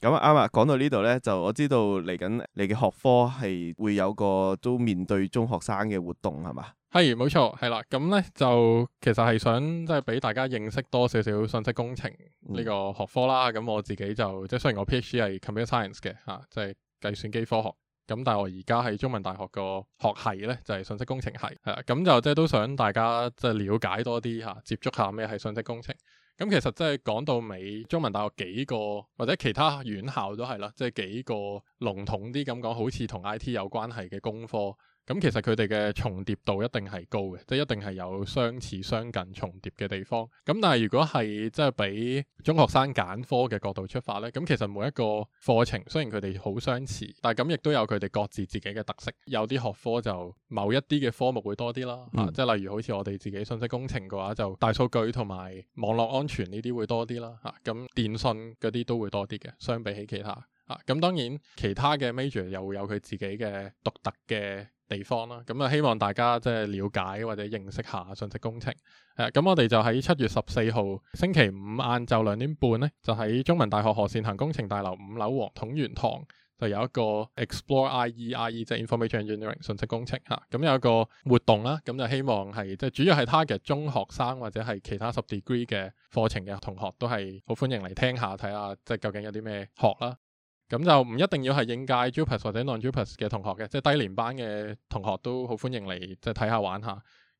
B: 咁啊啱啊！講到呢度咧，就我知道嚟緊你嘅學科係會有個都面對中學生嘅活動係嘛？
C: 係冇錯，係 啦。咁咧，就其實係想即係俾大家認識多少少信息工程呢個學科啦。咁我自己就即係雖然我 PhD 係 Computer Science 嘅吓，即係計算機科學。咁但係我而家喺中文大學個學系呢，就係、是、信息工程系，係啦，咁就即都想大家即係了解多啲吓、啊，接觸下咩係信息工程。咁其實即係講到尾，中文大學幾個或者其他院校都係啦，即係幾個籠統啲咁講，好似同 I.T. 有關係嘅工科。咁其實佢哋嘅重疊度一定係高嘅，即係一定係有相似、相近重疊嘅地方。咁但係如果係即係俾中學生揀科嘅角度出發咧，咁其實每一個課程雖然佢哋好相似，但係咁亦都有佢哋各自自己嘅特色。有啲學科就某一啲嘅科目會多啲啦，嗯、啊，即係例如好似我哋自己信息工程嘅話，就大數據同埋網絡安全呢啲會多啲啦，啊，咁、嗯、電信嗰啲都會多啲嘅，相比起其他。啊，咁當然其他嘅 major 又會有佢自己嘅獨特嘅地方啦，咁啊希望大家即係了解或者認識下信息工程。誒、啊，咁我哋就喺七月十四號星期五晏晝兩點半咧，就喺中文大學何善衡工程大樓五樓王統元堂，就有一個 Explore IE 即 IE，係 Information Engineering 信息工程嚇，咁、啊、有一個活動啦。咁就希望係即係主要係 target 中學生或者係其他 sub degree 嘅課程嘅同學，都係好歡迎嚟聽下睇下即係究竟有啲咩學啦。咁就唔一定要係應屆 JUPAS 或者 Non-JUPAS 嘅同學嘅，即係低年班嘅同學都好歡迎嚟，即係睇下玩下。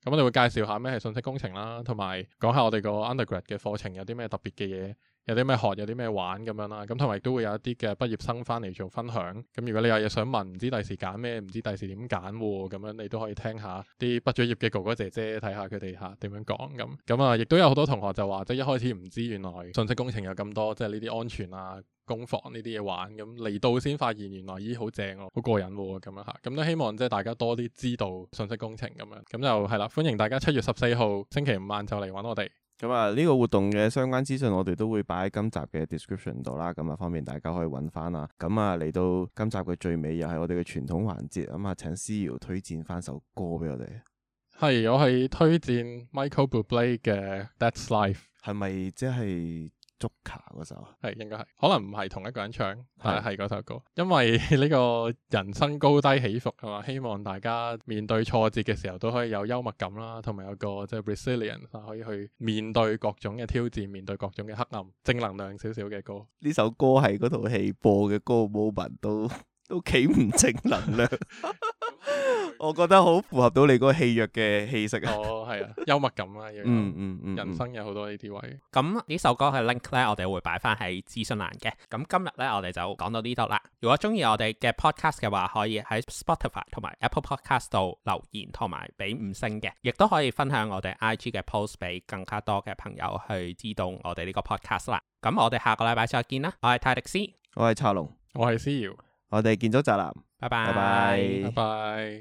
C: 咁我哋會介紹下咩係信息工程啦，同埋講下我哋個 Undergrad 嘅課程有啲咩特別嘅嘢，有啲咩學，有啲咩玩咁樣啦、啊。咁同埋都會有一啲嘅畢業生翻嚟做分享。咁如果你有嘢想問，唔知第時揀咩，唔知第時點揀喎，咁樣你都可以聽下啲畢咗業嘅哥哥姐姐，睇下佢哋下點樣講咁。咁啊，亦都有好多同學就話，即係一開始唔知原來信息工程有咁多，即係呢啲安全啊，工房呢啲嘢玩，咁嚟到先發現原來咦好正喎，好過癮喎，咁樣吓，咁都希望即係大家多啲知道信息工程咁樣，咁就係啦，歡迎大家七月十四號星期五晚就嚟揾我哋。
B: 咁啊，呢個活動嘅相關資訊我哋都會擺喺今集嘅 description 度啦，咁啊方便大家可以揾翻啦。咁啊嚟到今集嘅最尾，又係我哋嘅傳統環節啊嘛，請思瑤推薦翻首歌俾我哋。
C: 係，我係推薦 Michael Bublé 嘅 That's Life。係咪即係？Joker 嗰首係，應該係，可能唔係同一個人唱，但係係嗰首歌，嗎因為呢個人生高低起伏啊嘛，希望大家面對挫折嘅時候都可以有幽默感啦，同埋有個即係 resilient 可以去面對各種嘅挑戰，面對各種嘅黑暗，正能量少少嘅歌。呢
B: 首歌係嗰套戲播嘅歌 moment 都都企唔正能量。 我覺得好符合到你嗰戲約嘅氣息，哦係啊幽默感啦，嗯
A: 嗯嗯，人生
C: 有好多呢啲位。
A: 咁呢首歌係 link 咧，我哋會擺返喺資訊欄嘅。咁今日咧，我哋就講到呢度啦。如果鍾意我哋嘅 podcast 嘅話，可以喺 Spotify 同埋 Apple Podcast 度留言，同埋俾五星嘅，亦都可以分享我哋 IG 嘅 post 俾更加多嘅朋友去知道我哋呢個 podcast 啦。咁我哋下個禮拜再見啦。
D: 我係泰迪 C，
B: 我係卓龍，我係思瑤，我哋建築宅男，拜拜拜
D: 拜。